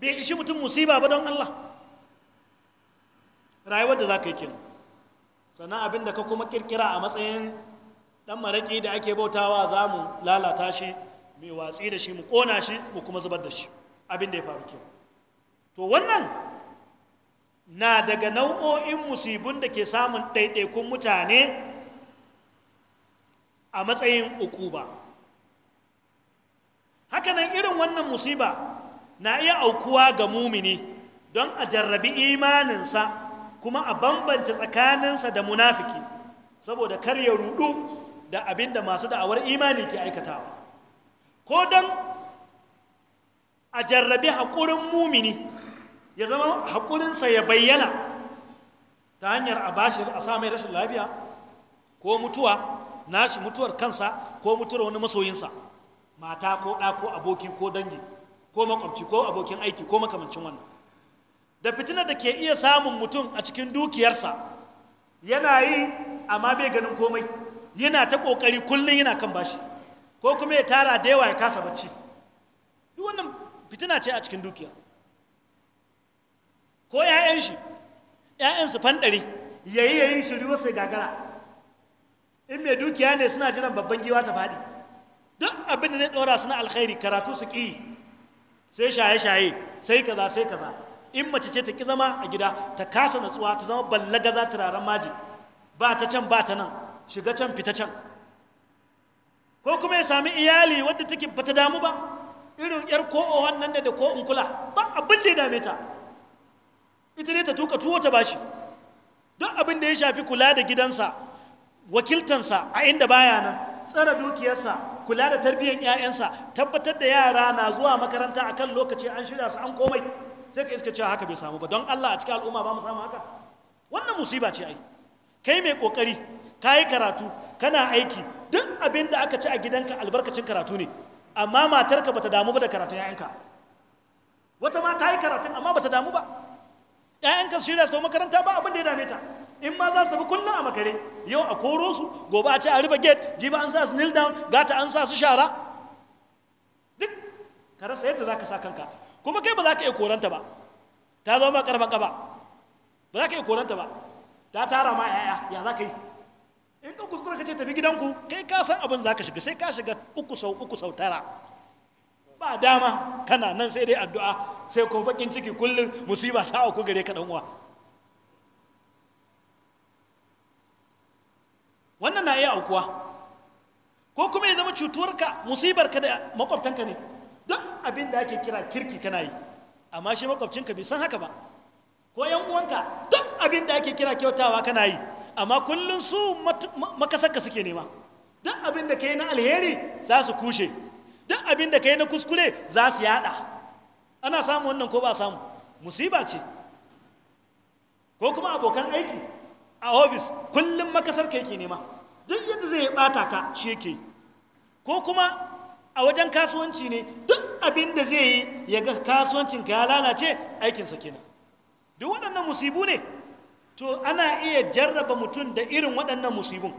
bai ishi mutum musiba ba don Allah rayuwar da za ka yi kenan sannan abin da ka kuma kirkira a matsayin dan maraki da ake bautawa za mu lalata shi mai watsi da shi mu kona shi mu kuma zubar da shi abin da ya faru kenan to wannan na daga nau'o'in musibun da ke samun ɗaiɗaikun mutane a matsayin uku ukuba hakanan irin wannan musiba na iya aukuwa ga mumini don a jarrabi imaninsa kuma a bambance tsakaninsa da munafiki saboda kar ya rudu da abin da masu da'awar imani ke aikatawa ko don a jarrabi haƙurin mumini ya zama haƙurinsa ya bayyana ta hanyar a bashi a samai rashin lafiya ko mutuwa nashi mutuwar kansa ko mutuwar wani masoyinsa mata ko ɗa ko aboki ko dangi ko makwabci ko abokin aiki ko makamancin wannan da fitinar da ke iya samun mutum a cikin dukiyarsa yana yi amma bai ganin komai yana ta kokari kullum yana kan bashi ko kuma ya tara da yawa ya kasa bacci duk wannan fitina ce a cikin dukiya ko 'ya'yan shi 'ya'yan su fanɗari yayi yayi sai gagara in mai dukiya ne suna jiran babban giwa ta faɗi duk abin da zai ɗora suna alkhairi karatu su ƙi sai shaye-shaye sai kaza sai kaza in mace ce ta ƙi zama a gida ta kasa natsuwa ta zama za ballaga ta turaren maji ba ta can ba ta nan shiga can fita can ko kuma ya sami iyali wadda take bata damu ba irin yar ko'o wannan da ko in kula ba abin da ya dame ta ita ne ta tuka tuwo ta bashi don abin da ya shafi kula da gidansa wakiltansa a inda baya nan tsara dukiyarsa kula da tarbiyyar 'ya'yansa tabbatar da yara na zuwa makaranta a kan lokaci an shirya su an komai sai ka iska cewa haka bai samu ba don allah a cikin al'umma ba mu samu haka wannan musiba ce ai kai mai kokari ka yi karatu kana aiki duk abin da aka ci a gidanka albarkacin karatu ne amma matarka ta damu ba da karatun ‘ya'yanka wata ma ta yi karatun amma ba ta damu ba ‘ya'yanka su shirya su tafi makaranta ba abin da ya dame ta in ma za su tafi kullum a makare yau a koro su gobe a ce a riba gate jiba an sa su kneel down gata an sa su shara duk ka rasa yadda za ka sa kanka kuma kai ba za ka iya koranta ba ta zama karfan kaba ba za ka iya koranta ba ta tara ma ‘ya'ya ya za ka yi in ka kuskura ka ce tafi gidanku kai ka san abin za ka shiga sai ka shiga uku sau uku sau tara ba dama kana nan sai dai addu'a sai ko bakin ciki kullum musiba ta auku gare ka uwa wannan na iya aukuwa ko kuma ya zama cutuwarka musibarka da makwabtanka ne duk abin da ake kira kirki kana yi amma shi makwabcinka bai san haka ba ko yan uwanka duk abin da ake kira kyautawa kana yi amma kullum su makasarka suke nema duk abin da ka yi na alheri za su kushe duk abin da ka yi na kuskure za su yada ana samun wannan ko ba samu musiba ce ko kuma abokan aiki a ofis kullum makasarka yake nema duk yadda zai bata ka shi yake ko kuma a wajen kasuwanci ne duk abin da zai yi ya ga kasuwancinka ya lalace aikinsa kenan duk waɗannan musibu ne to ana iya jarraba mutum da irin waɗannan musibin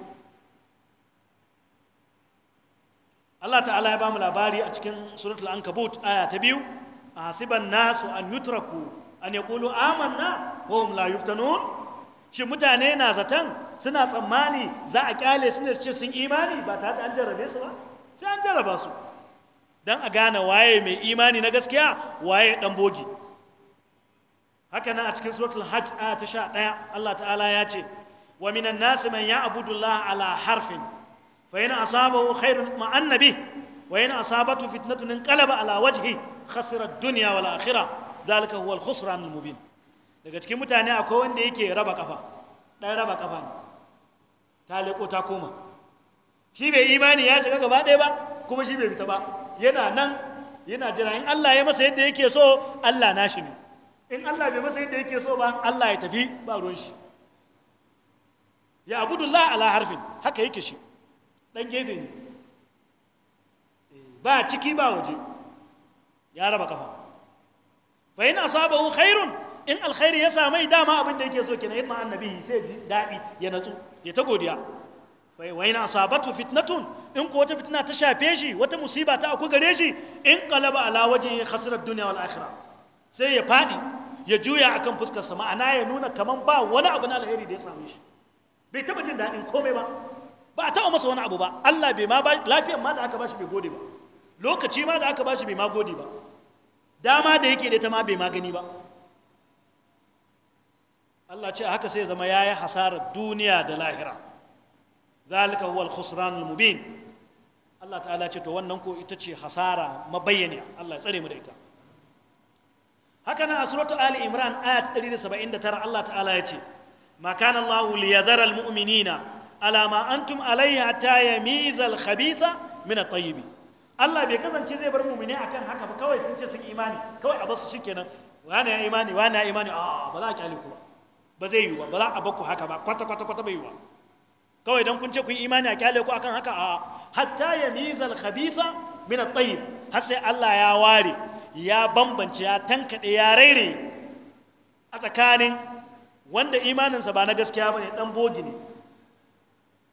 Allah ta'ala ya ba mu labari a cikin suratul ankabut aya ta biyu a hasiban nasu an yutraku an yaqulu amanna wa hum la yuftanun shi mutane na zaton suna tsammani za a kyale su ne su ce sun imani ba ta da an jarrabe su ba sai an jarraba su don a gane waye mai imani na gaskiya waye ɗan bogi haka nan a cikin suratul hajj aya ta sha ɗaya Allah ta'ala ya ce wa minan nasi man ya'budu Allah ala harfin fa in asabahu khairun ma annabi wa in asabatu fitnatun inqalaba ala wajhi khasira ad-dunya wal akhirah zalika huwa al-khusran al-mubin daga cikin mutane akwai wanda yake raba kafa dan raba kafa ne ta leko ta koma shi bai imani ya shiga gaba ɗaya ba kuma shi bai fita ba yana nan yana jira in Allah ya masa yadda yake so Allah nashi ne in Allah bai masa yadda yake so ba Allah ya tafi ba ruwan shi ya abudullah ala harfin haka yake shi dan gefe ne ba ciki ba waje ya raba kafa fa in asabahu khairun in alkhairi ya samai dama abin da yake so kenan yadda annabi sai ji dadi ya natsu ya ta godiya fa wa in asabatu fitnatun in ko wata fitna ta shafe shi wata musiba ta aku gare shi in qalaba ala wajhi khasrat dunya wal akhirah sai ya fadi ya juya akan fuskarsa ma'ana ya nuna kamar ba wani abu na alheri da ya same shi bai taɓa jin daɗin komai ba ba a taɓa masa wani abu ba Allah bai ma lafiyar ma da aka bashi bai gode ba lokaci ma da aka bashi bai ma gode ba dama da yake da ta ma bai ma gani ba Allah ce haka sai zama yayi hasarar duniya da lahira zalika huwal khusran al mubin Allah ta'ala ce to wannan ko ita ce hasara mabayyana Allah ya tsare mu da ita haka nan a suratu ali imran aya ta 179 Allah ta'ala ya ce ma kana Allah liyadhara almu'minina ala ma antum alayhi hatta yamiza alkhabitha min at-tayyib Allah bai kasance zai bar mu'mini akan haka ba kawai sun ce sun imani kawai a basu shikenan wani ya imani wani ya imani a ba za a kyale ku ba ba zai yi ba ba za a baku haka ba kwata kwata kwata bai yi ba kawai don kun ce kun imani a kyale ku akan haka a hatta yamiza alkhabitha min at-tayyib har sai Allah ya ware ya bambance ya tankaɗe ya raire a tsakanin wanda imaninsa ba na gaskiya ba ne ɗan ne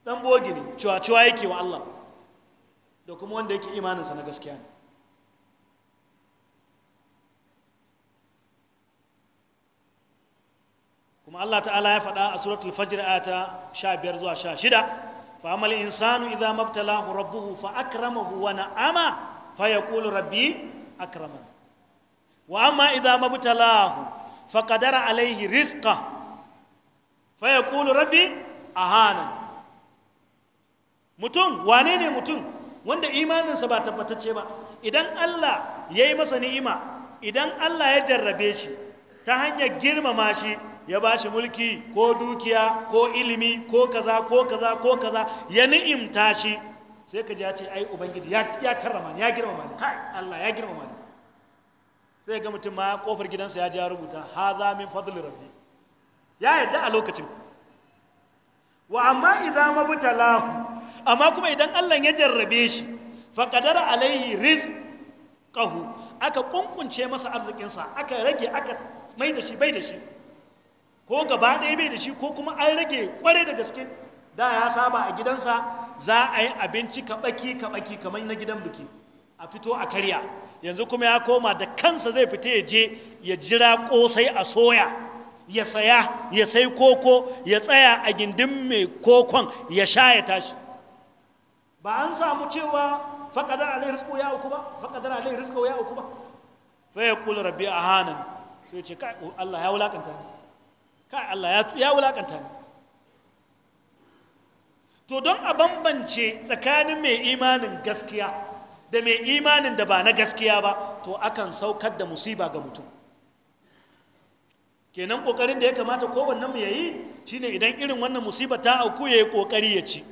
ɗan ne cuwa-cuwa yake wa Allah da kuma wanda yake imaninsa na gaskiya ne kuma Allah ta'ala ya faɗa a suratul fajr ayata 15 zuwa 16 idza mabtalahu rabbuhu fa akramahu wa na'ama fa yaqulu rabbi أكرمن wa amma idza mabtalahu faqadara alaihi rizqa fa yaqulu rabbi ahana mutum wane ne mutum wanda imaninsa ba tabbatacce ba idan Allah ya yi masa ni'ima idan Allah ya jarrabe shi ta hanyar girmama shi ya ba shi mulki ko dukiya ko ilimi ko kaza ko kaza ko kaza ya ni'imta shi sai ka ji ya ce ai ubangiji ya karrama ni ya girmama ni kai Allah ya girmama ni sai ga mutum ma kofar gidansa ya ji ya rubuta haza min fadli rabbi ya yadda a lokacin wa amma idza mabtalahu amma kuma idan Allah ya jarrabe shi fa qadara alaihi rizqahu aka kunkunce masa arzikinsa aka rage aka mai da shi bai da shi ko gaba ɗaya bai da shi ko kuma an rage kware da gaske da ya saba a gidansa za a yi abinci kaɓaki kaɓaki kamar na gidan biki a fito a karya yanzu kuma ya koma da kansa zai fita ya je ya jira kosai a soya ya saya ya sai koko ya tsaya a gindin mai kokon ya sha ya tashi ba an samu cewa faƙadar alai rizko ya uku ba faƙadar alai rizko ya uku ba fa ya kula rabbi a hanan sai ce kai Allah ya wulakanta ni kai Allah ya wulakanta ni to don a bambance tsakanin mai imanin gaskiya da mai imanin da ba na gaskiya ba to akan saukar da musiba ga mutum kenan kokarin da ya kamata kowanne mu yayi shine idan irin wannan musiba ta auku yayi kokari ya ci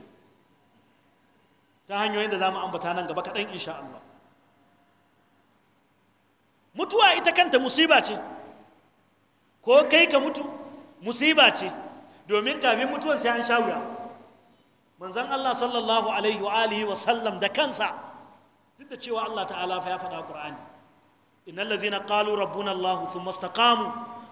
ta hanyoyin da zamu ambata nan gaba kaɗan insha Allah mutuwa ita kanta musiba ce ko kai ka mutu musiba ce domin kafin mutuwan sai an sha wuya manzon Allah sallallahu alaihi wa alihi wa sallam da kansa duk da cewa Allah ta'ala fa ya faɗa Qur'ani innal ladhina qalu rabbuna Allah thumma istaqamu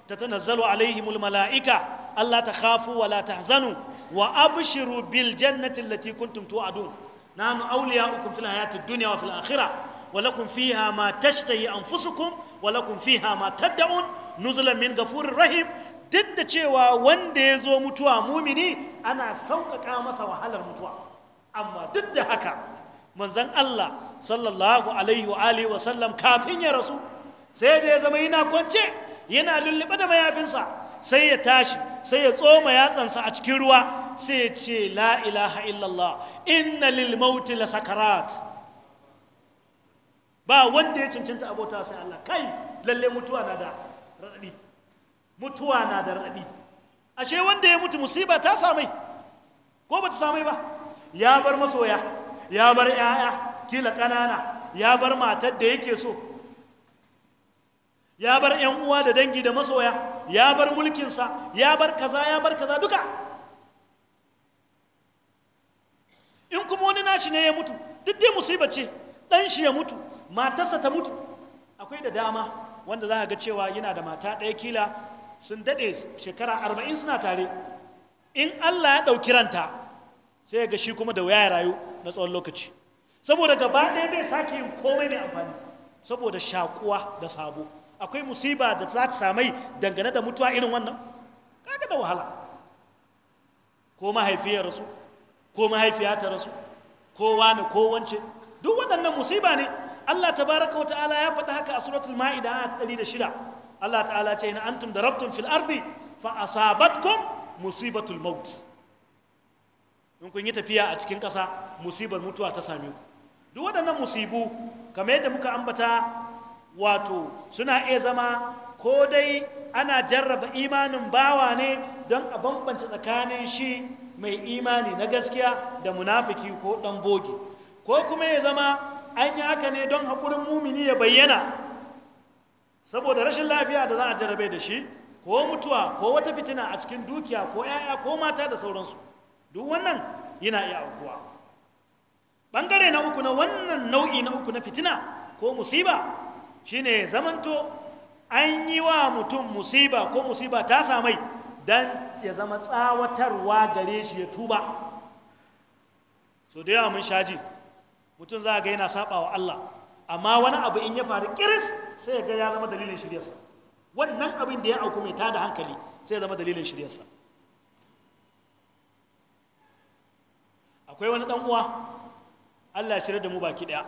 tatanazzalu alaihimul malaika Allah ta khafu wa la tahzanu wa abshiru bil jannati allati kuntum tu'adun nahnu awliya'ukum fil hayati dunya wa fil akhirah wa lakum fiha ma tashtahi anfusukum wa lakum fiha ma tad'un nuzulan min ghafurir rahim duk da cewa wanda ya zo mutuwa mumini ana sauƙaƙa masa wahalar mutuwa amma duk da haka manzon Allah sallallahu alaihi wa alihi wa sallam kafin ya rasu sai da ya zama yana kwance yana lullube da mayafinsa sai ya tashi sai ya tsoma yatsansa a cikin ruwa sai ya ce la ilaha illallah inna lil mauti la sakarat ba wanda ya cancanta abota sai Allah kai lalle mutuwa na da raɗaɗi mutuwa na da raɗaɗi ashe wanda ya mutu musiba ta samai ko ba ta samai ba ya bar masoya ya bar 'ya'ya kila ƙanana ya bar matar da yake so ya bar 'yan uwa da dangi da masoya ya bar mulkinsa ya bar kaza ya bar kaza duka in kuma wani nashi ne ya mutu duk dai musibar ce ɗan shi ya mutu matarsa ta mutu akwai da dama wanda za ga cewa yana da mata ɗaya kila sun daɗe shekara arba'in suna tare in allah ya ɗauki ranta sai ya ga shi kuma da wuya ya rayu na tsawon lokaci saboda gaba ɗaya bai sake yin komai mai amfani saboda shakuwa da sabo akwai musiba da za ta samai dangane da mutuwa irin wannan kaga da wahala ko mahaifiyar rasu ko mahaifiya ta rasu ko wani ko wance duk waɗannan musiba ne Allah tabaraka wa ta'ala ya faɗa haka a suratul ma'ida a shida, Allah ta'ala ce ina antum darabtum fil ardi fa asabatkum musibatul maut in kun yi tafiya a cikin ƙasa musibar mutuwa ta same ku duk waɗannan musibu kamar yadda muka ambata wato suna iya zama ko dai ana jarraba imanin bawa ne don a bambance tsakanin shi mai imani na gaskiya da munafiki ko ɗan bogi ko kuma ya zama an yi haka ne don haƙurin mumini ya bayyana saboda rashin lafiya da za a jarrabe da shi ko mutuwa ko wata fitina a cikin dukiya ko 'ya'ya ko mata da sauransu duk wannan yana iya aukuwa Bangare na uku na wannan nau'i na uku na fitina ko musiba shine zamanto an yi wa mutum musiba ko musiba ta samai don ya zama tsawatarwa gare shi ya tuba so da yawa mun shaji mutum za a ga yana saba wa Allah amma wani abu in ya faru kiris sai ga ya zama dalilin shiryarsa wannan abin da ya auku mai tada hankali sai ya zama dalilin shiryarsa akwai wani dan uwa Allah shirar da mu baki ɗaya.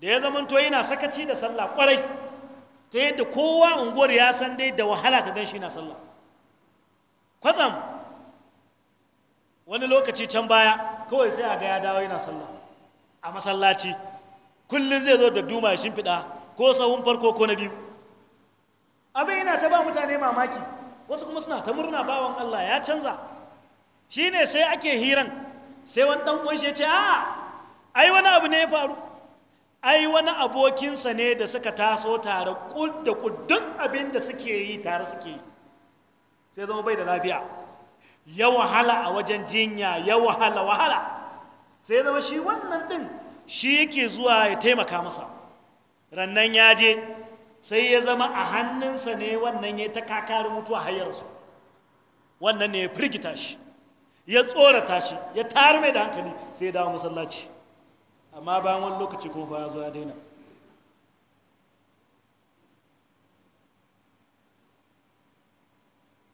da ya zama zamanto yana sakaci da sallah kwarai ta yadda kowa unguwar ya san dai da wahala ka gan shi na sallah kwatsam wani lokaci can baya kawai sai a ga ya dawo yana sallah a masallaci kullum zai zo da duma ya shimfiɗa ko sahun farko ko na biyu abin yana ta ba mutane mamaki wasu kuma suna ta murna bawan Allah ya canza Shi ne sai ake hiran sai wani ɗan ƙunshi ya ce a ai wani abu ne ya faru ai wani abokinsa ne da suka taso tare da kudin abin da suke yi tare suke yi sai zama bai da lafiya ya wahala a wajen jinya ya wahala wahala sai zama shi wannan din shi yake zuwa ya taimaka masa rannan ya je sai ya zama a hannunsa ne wannan ya ta mutuwa hayarsu wannan ne ya firgita shi ya tsorata shi ya tarme da hankali sai ya dawo masallaci amma bayan wani lokaci kuma fa ya zo ya daina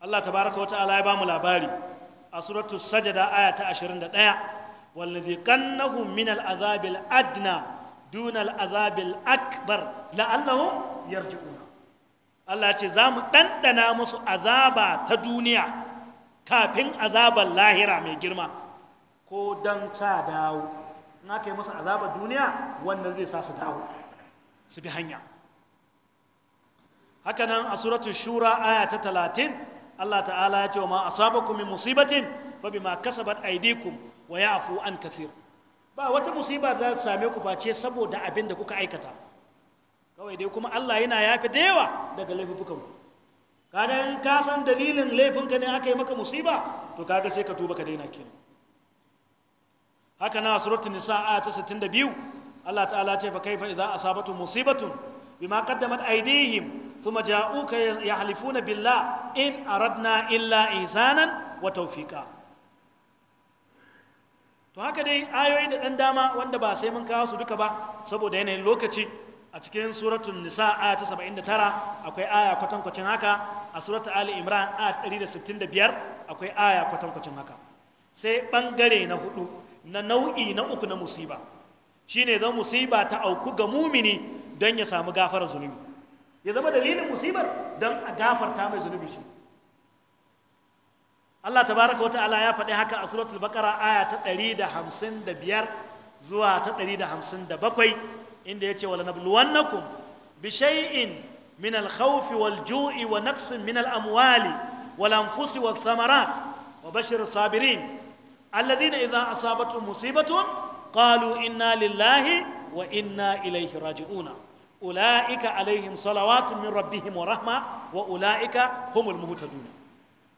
Allah tabaraka wata'ala ya bamu labari a suratu sajada aya ta 21 wallazi qannahu min al-azab adna dun al akbar la'allahum yarji'una Allah ce za mu ɗanɗana musu azaba ta duniya kafin azabar lahira mai girma ko don ta dawo in aka yi masa azabar duniya wanda zai sa su dawo su bi hanya hakanan a suratun shura aya ta talatin Allah ta'ala ya ce wa ma asabakum min musibatin fa bima kasabat aydikum wa afu an kathir ba wata musiba za ta same ku face saboda abin da kuka aikata kawai dai kuma Allah yana yafi da yawa daga laifukan ku kaga in ka san dalilin laifinka ne aka yi maka musiba to kaga sai ka tuba ka daina kenan haka na suratul nisa aya ta 62 Allah ta'ala ce fa kaifa idza asabatu musibatun bima qaddamat aydihim thumma ja'uka yahlifuna billah in aradna illa ihsanan wa tawfiqa to haka dai ayoyi da dan dama wanda ba sai mun kawo su duka ba saboda yanayin lokaci a cikin suratul nisa aya ta 79 akwai aya kwatankwacin haka a suratul ali imran aya 165 akwai aya kwatankwacin haka sai bangare na hudu na nau'i na uku na musiba shi ne zan musiba ta auku ga mumini don ya samu gafara zunubi ya zama dalilin musibar don a gafarta mai zunubi shi Allah tabaraka wa ta'ala ya faɗi haka a suratul baƙara aya ta 155 zuwa ta 157 inda yace wala nabluwannakum bi shay'in min al-khawfi wal-ju'i wa naqsin min al-amwali wal-anfusi wath-thamarat wa bashir sabirin alladhina idza asabatu musibatun qalu inna lillahi wa inna ilaihi raji'una ulaika alaihim salawatun min rabbihim wa ulaika humul muhtadun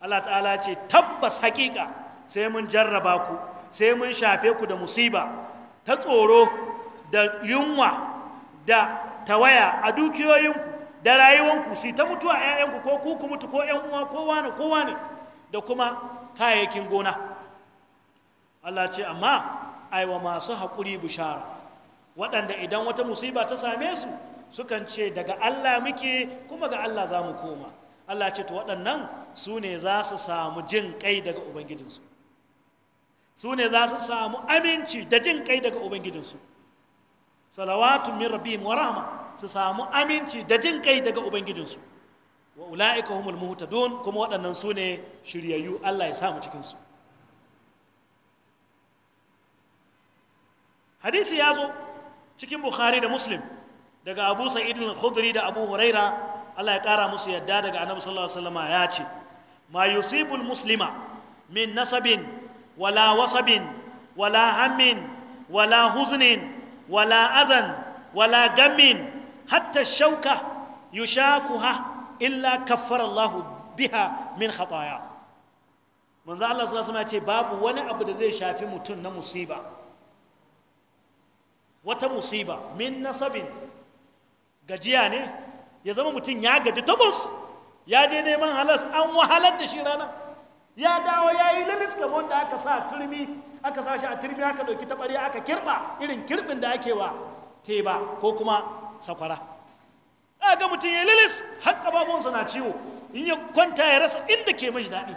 Allah ta'ala ce tabbas hakika sai mun jarraba ku sai mun shafe ku da musiba ta tsoro da yunwa da tawaya a dukiyoyinku da rayuwanku su ta mutuwa 'ya'yanku ko ku mutu ko 'yan uwa ko wane ko wane da kuma kayayyakin gona Allah ce amma aiwa masu haƙuri bishara waɗanda idan wata musiba ta same su sukan ce daga Allah muke kuma ga Allah za mu koma Allah ce to waɗannan su ne za su samu jin kai daga Ubangijinsu su ne za su samu aminci da jin kai daga Ubangijinsu salawatu min rabbihim wa rahma su samu aminci da jin kai daga Ubangijinsu wa ula'ika humul muhtadun kuma waɗannan su ne shiryayyu Allah ya samu cikinsu hadisi ya zo cikin bukhari da muslim daga abu sa'id khudri da abu huraira Allah ya kara musu yadda daga annabi sallallahu alaihi wasallam ya ce ma yusibul muslima min nasabin wala wasabin wala hammin wala huznin wala adan wala gammin hatta shauka yushakuha illa kaffara Allah biha min khataya manzo Allah sallallahu alaihi wasallam ya ce babu wani abu da zai shafi mutum na musiba wata musiba min nasabin gajiya ne ya zama mutum ya gaji tabus ya je neman halas an wahalar da shi rana ya dawo ya yi lalis kamar wanda aka sa turmi aka sa shi a turmi aka ɗauki taɓari aka kirɓa irin kirɓin da ake wa teba ko kuma sakwara ga mutum ya yi lalis har ƙafafunsa na ciwo in ya kwanta ya rasa inda ke mashi daɗi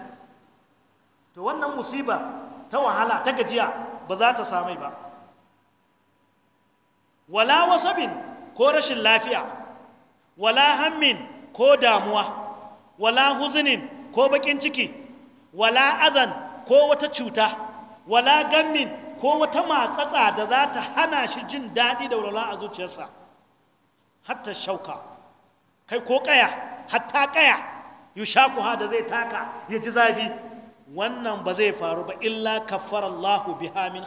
to wannan musiba ta wahala ta gajiya ba za ta samai ba wala wasabin ko rashin lafiya wala hammin ko damuwa wala huzunin ko bakin ciki wala azan ko wata cuta wala gammin ko wata matsatsa da za ta hana shi jin daɗi da walwala a zuciyarsa hatta shauka kai ko ƙaya hatta ƙaya yushakuha da zai taka ya ji zafi wannan ba zai faru ba illa kaffara Allahu biha min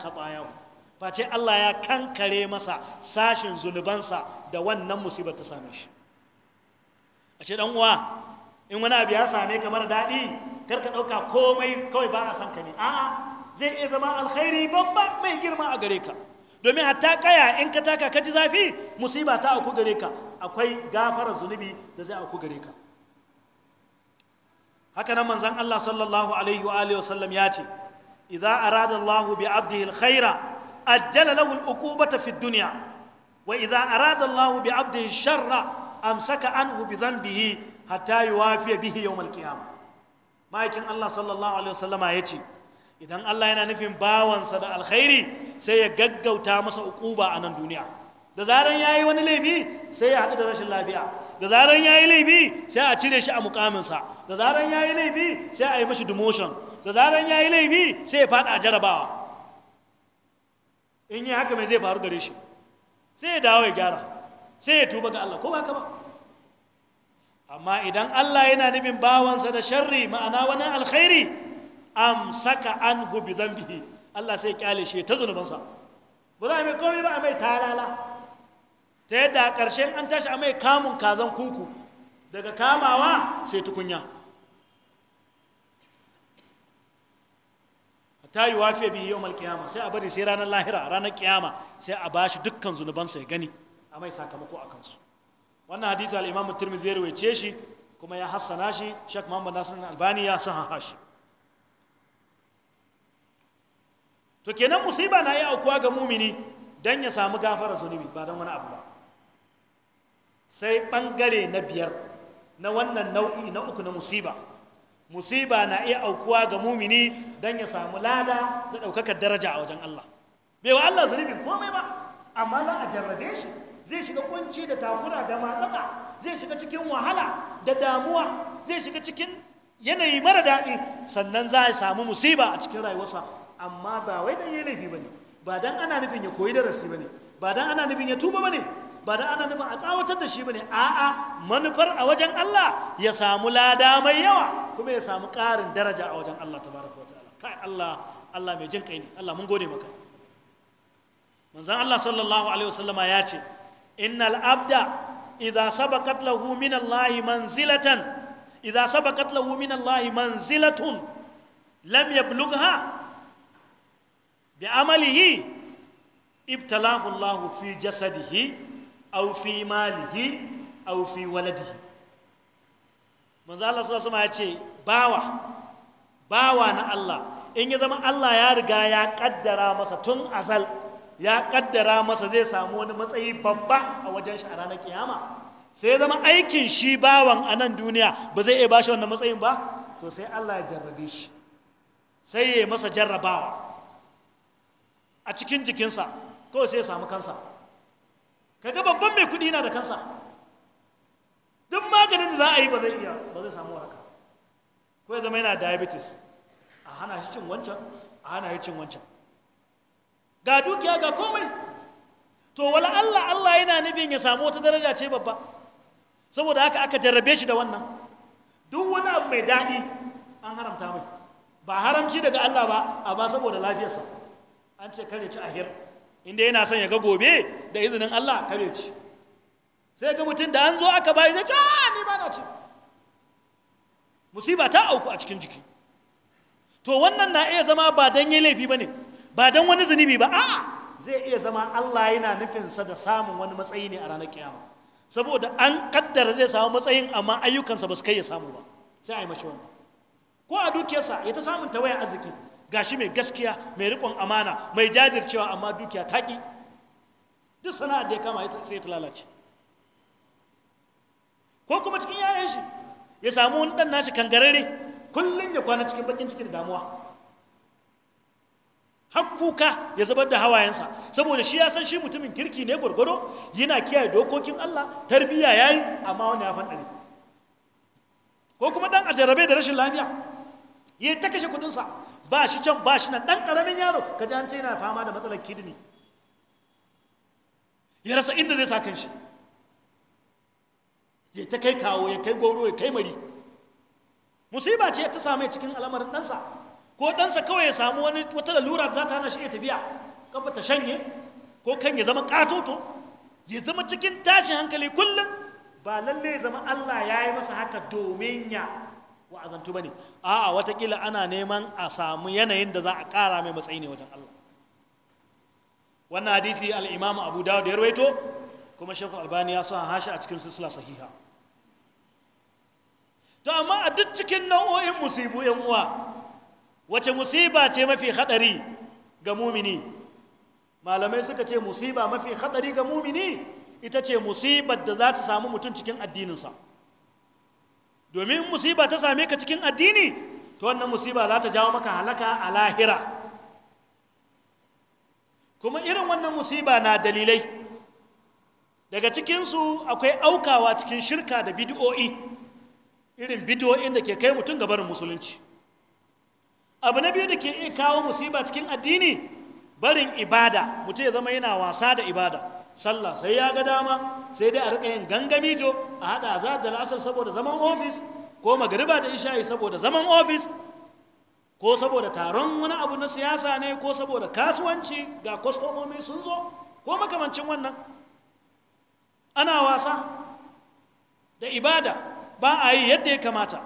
face Allah ya kankare masa sashin zunubansa da wannan musibar ta same shi a ce dan uwa in wani abu ya same kamar daɗi kar ka ɗauka komai kawai ba a san ka ne a'a zai iya zama alkhairi babba mai girma a gare ka domin hatta kaya in ka taka ka ji zafi musiba ta auku gare ka akwai gafarar zunubi da zai auku gare ka haka nan manzon Allah sallallahu alaihi wa alihi Sallam ya ce idza arada Allahu bi abdihi alkhaira ajjala lahu al-uqubata fi dunya wa idza arada Allah bi 'abdihi sharra an anhu bi dhanbihi hatta yuwafi bihi yawm al-qiyamah ma'aikin Allah sallallahu alaihi wasallama yace idan Allah yana nufin bawansa da alkhairi sai ya gaggauta masa ukuba a nan duniya da zaran yayi wani laifi sai ya haɗu da rashin lafiya da zaran yayi laifi sai a cire shi a mukamin sa. da zaran yayi laifi sai a yi mashi demotion da zaran yayi laifi sai ya faɗa a jarrabawa. in yi haka mai zai faru gare shi sai ya dawo ya gyara sai ya tuba ga Allah ko ba ka ba amma idan Allah yana nufin bawansa da sharri ma'ana wani alkhairi amsaka an bi dhanbihi Allah sai kyale shi ta zunubansa ba za a mai komai ba a mai talala ta yadda a ƙarshen an tashi a mai kamun kazan kuku daga kamawa sai tukunya ta yi wafe bihi yau malkiyama sai a bari sai ranar lahira ranar kiyama sai a bashi dukkan zunubansa ya gani a mai sakamako a kansu wannan hadithu al-imamu tirmidhi ce shi kuma ya hassana shi shak muhammad nasiruddin albani ya sahaha shi to kenan musiba na yi aukuwa ga mumini don ya samu gafara zunubi ba don wani abu ba sai bangare na biyar na wannan nau'i na uku na musiba musiba na iya aukuwa ga mumini don ya samu lada da ɗaukakar daraja a wajen Allah bai wa Allah zunubin komai ba amma za a jarrabe shi zai shiga kunci da takura da matsatsa zai shiga cikin wahala da damuwa zai shiga cikin yanayi mara daɗi sannan za a samu musiba a cikin rayuwarsa amma ba wai don yi laifi ba ne ba dan ana nufin ya koyi darasi ba ne ba dan ana nufin ya tuba ba ne ba dan ana nufin a tsawatar da shi ba ne a'a manufar a wajen Allah ya samu lada mai yawa kuma ya samu ƙarin daraja a wajen Allah tabaraka wa ta'ala kai Allah Allah mai jin kai ne Allah mun gode maka manzon Allah sallallahu alaihi wasallama ya ce innal abda idza sabaqat lahu min Allah manzilatan idza sabaqat lahu min Allah manzilatun lam yablugha bi amalihi ibtalahu Allah fi jasadihi aw fi malihi aw fi waladihi manzo Allah sallallahu alaihi wasallam ya ce bawa bawa na Allah in ya zama Allah ya riga ya kaddara masa tun azal ya kaddara masa zai samu wani matsayi babba a wajen shi a ranar kiyama sai ya zama aikin shi bawan a nan duniya ba zai iya bashi wannan matsayin ba to sai Allah ya jarrabe shi sai ya masa jarrabawa a cikin jikinsa kawai sai ya samu kansa kaga babban mai kuɗi na da kansa duk maganin da za a yi ba zai iya ba zai samu waraka ko ya zama yana diabetes a hana shi cin wancan a hana shi cin wancan ga dukiya ga komai to wala Allah Allah yana nufin ya samu wata daraja ce babba saboda haka aka jarrabe shi da wannan duk wani abu mai daɗi an haramta mai ba haramci daga Allah ba a ba saboda lafiyarsa an ce kare ci ahir inda yana son ya ga gobe da izinin Allah kare ci sai ga mutum da an zo aka bayi zai ce ah, ni ba na ci musiba ta auku a cikin jiki to wannan na iya zama ba don yi laifi ba ne ba dan wani zunubi ba a zai iya zama allah yana nufinsa da samun wani matsayi ne a ranar kiyama saboda an kaddara zai samu matsayin amma ayyukansa ba su kai ya samu ba sai a yi mashi wannan ko a dukiyarsa ya ta samun wayan arziki gashi mai gaskiya mai riƙon amana mai jajircewa amma dukiya taƙi duk sana'a da ya kama sai ta lalace ko kuma cikin yayan shi ya samu wani dan nashi kangarare kullum ya kwana cikin bakin ciki da damuwa har kuka ya zubar da hawayensa saboda shi ya san shi mutumin kirki ne gwargwado yana kiyaye dokokin Allah tarbiyya yayi amma wani ya fandare ko kuma dan ajarabe da rashin lafiya ya ta kashe kudin sa ba shi can ba shi nan dan karamin yaro kaji an ce yana fama da matsalar kidney ya rasa inda zai sa kan shi ya ta kai kawo ya kai goro ya kai mari musiba ce ta same cikin al'amarin ɗansa ko ɗansa kawai ya samu wani wata lalura za ta hana shi ya tafiya kafa ta shanye ko kan ya zama ƙatoto ya zama cikin tashin hankali kullum ba lalle ya zama Allah ya yi masa haka domin ya wa'azantu ba ne a'a watakila ana neman a samu yanayin da za a ƙara mai matsayi ne wajen Allah wannan hadithi al-imamu abu dawud ya rawaito kuma shekul albani ya sa hashi a cikin silsila sahiha to amma a duk cikin nau'o'in musibu yan uwa wace musiba ce mafi hadari ga mumini malamai suka ce musiba mafi hadari ga mumini ita ce musibar da za ta samu mutum cikin addininsa domin musiba ta same ka cikin addini to wannan musiba za ta jawo maka halaka a lahira kuma irin wannan musiba na dalilai daga cikinsu akwai aukawa cikin shirka da bidi'o'i irin bidiyoyin da ke kai mutum ga barin musulunci abu na biyu da ke iya kawo musiba cikin addini barin ibada mutum ya zama yana wasa da ibada sallah sai ya ga dama sai dai a rika yin gangami jo a hada za da la'asar saboda zaman ofis ko magariba da isha'i saboda zaman ofis ko saboda taron wani abu na siyasa ne ko saboda kasuwanci ga kwastomomi sun zo ko makamancin wannan ana wasa da ibada ba a yi yadda ya kamata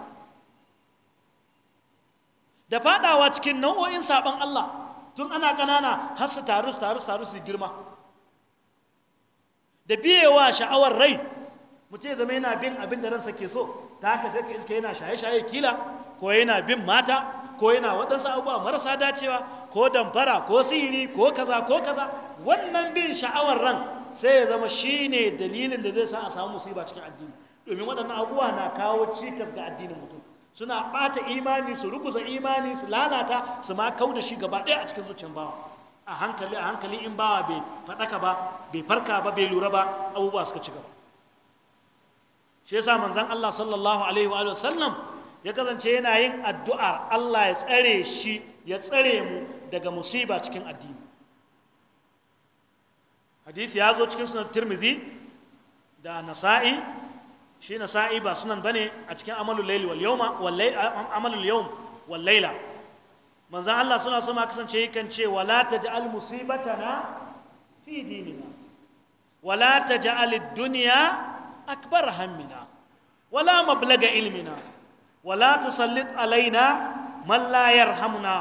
da fadawa cikin nau'o'in saɓon Allah tun ana ƙanana har su taru su taru su taru su girma da biyewa sha'awar rai mutum ya zama yana bin abin da ransa ke so ta haka sai ka iska yana shaye-shaye kila ko yana bin mata ko yana waɗansu abubuwa marasa dacewa ko damfara ko sihiri ko kaza ko kaza wannan bin sha'awar ran sai ya zama shi ne dalilin da zai sa a samu musiba cikin addini domin waɗannan abubuwa na kawo cikas ga addinin mutum suna ɓata imani su ruguza imani su lalata su ma kau da shi gaba ɗaya a cikin zuciyar bawa a hankali a hankali in bawa bai faɗaka ba bai farka ba bai lura ba abubuwa suka ci gaba shi yasa manzon Allah sallallahu alaihi wa sallam ya kasance yana yin addu'ar Allah ya tsare shi ya tsare mu daga musiba cikin addini hadisi ya zo cikin sunan Tirmidhi da Nasa'i shi na sa'i ba sunan bane a cikin amalul layl wal yawma wal layl amalul yawm wal layla manzon Allah suna so ma kasance kan ce wala taj'al musibatana fi dinina wala taj'al ad-dunya akbar hammina wala mablaga ilmina wala tusallit alaina man la yarhamuna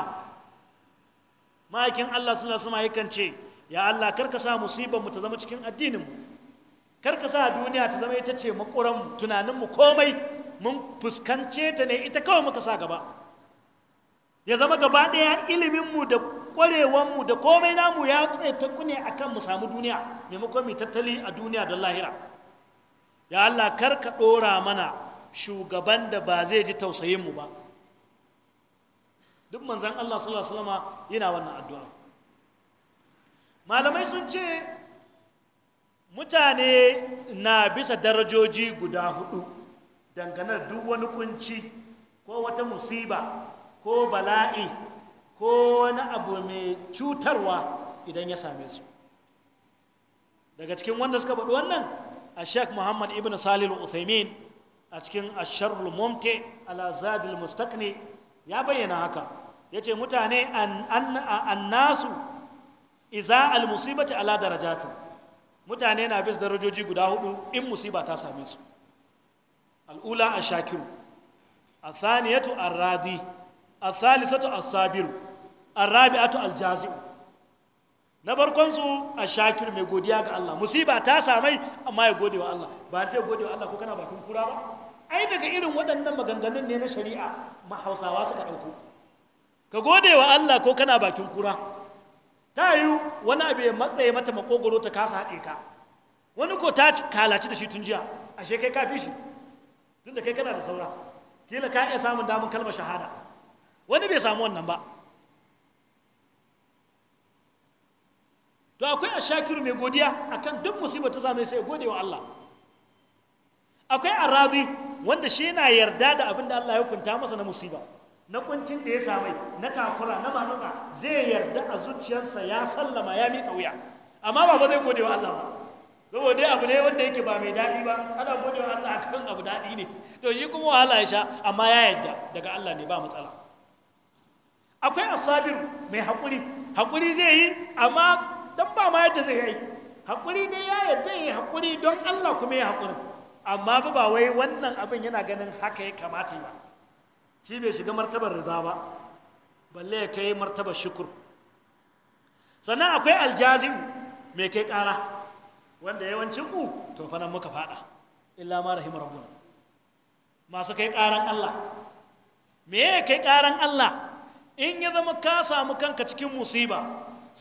ma'aikin Allah suna suma yakan ce ya Allah karka sa musibar mu ta zama cikin addinin mu kar ka sa duniya ta zama ita ce makoran tunaninmu komai mun fuskance ta ne ita kawai muka sa gaba ya zama gaba ɗaya iliminmu da ƙwarewanmu da komai namu ya tsaye ta kune a kan mu samu duniya maimakon mai tattali a duniya don lahira ya Allah kar ka ɗora mana shugaban da ba zai ji tausayinmu ba duk manzan Allah sallallahu alaihi wasallama yana wannan addu'a malamai sun ce mutane na bisa darajoji guda hudu dangane da duk wani kunci ko wata musiba ko bala'i ko wani abu mai cutarwa idan ya same su daga cikin wanda suka faɗi wannan a sheikh muhammad ibn salil uthaimin a cikin asharul mumte alazadil Mustakni, ya bayyana haka ya ce mutane annasu iza al musibati ala darajatin mutane na bis darajoji guda hudu in musiba ta same su al'ula a shakiru a thaniyatu a radi a thalithatu a sabiru a rabi'atu jaziu na barkonsu a shakiru mai godiya ga Allah musiba ta samai amma ya gode wa Allah ba ce gode wa Allah ko kana bakin kura ba ai daga irin waɗannan maganganun ne na shari'a Ma Hausawa suka ɗauko ka gode wa Allah ko kana bakin kura ta yi wani abu ya matsaye mata makogoro ta kasa haɗe ka wani ko ta kalaci da shi tun jiya ashe kai ka fi shi tun da kai kana da saura kila ka iya samun damun kalmar shahada wani bai samu wannan ba to akwai a shakiru mai godiya akan duk musibar ta same sai gode wa Allah akwai arrazi wanda shi yana yarda da abin da Allah ya hukunta masa na musiba na kuncin da ya samai na takura na manuka zai yarda a zuciyarsa ya sallama ya miƙa wuya amma ba zai gode wa Allah ba zai dai abu ne wanda yake ba mai daɗi ba ana gode wa Allah kan abu daɗi ne to shi kuma wahala ya sha amma ya yarda daga Allah ne ba matsala akwai asabir mai haƙuri haƙuri zai yi amma dan ba ma yadda zai yi haƙuri dai ya yarda ya yi haƙuri don Allah kuma ya haƙuri amma ba wai wannan abin yana ganin haka ya kamata ba shi bai shiga martabar rida ba balle ya kai martabar shukur sannan akwai aljazi mai kai kara wanda yawancin ku to fa muka fada illa ma rahim rabbuna masu kai karan Allah me ya kai karan Allah in ya zama ka samu kanka cikin musiba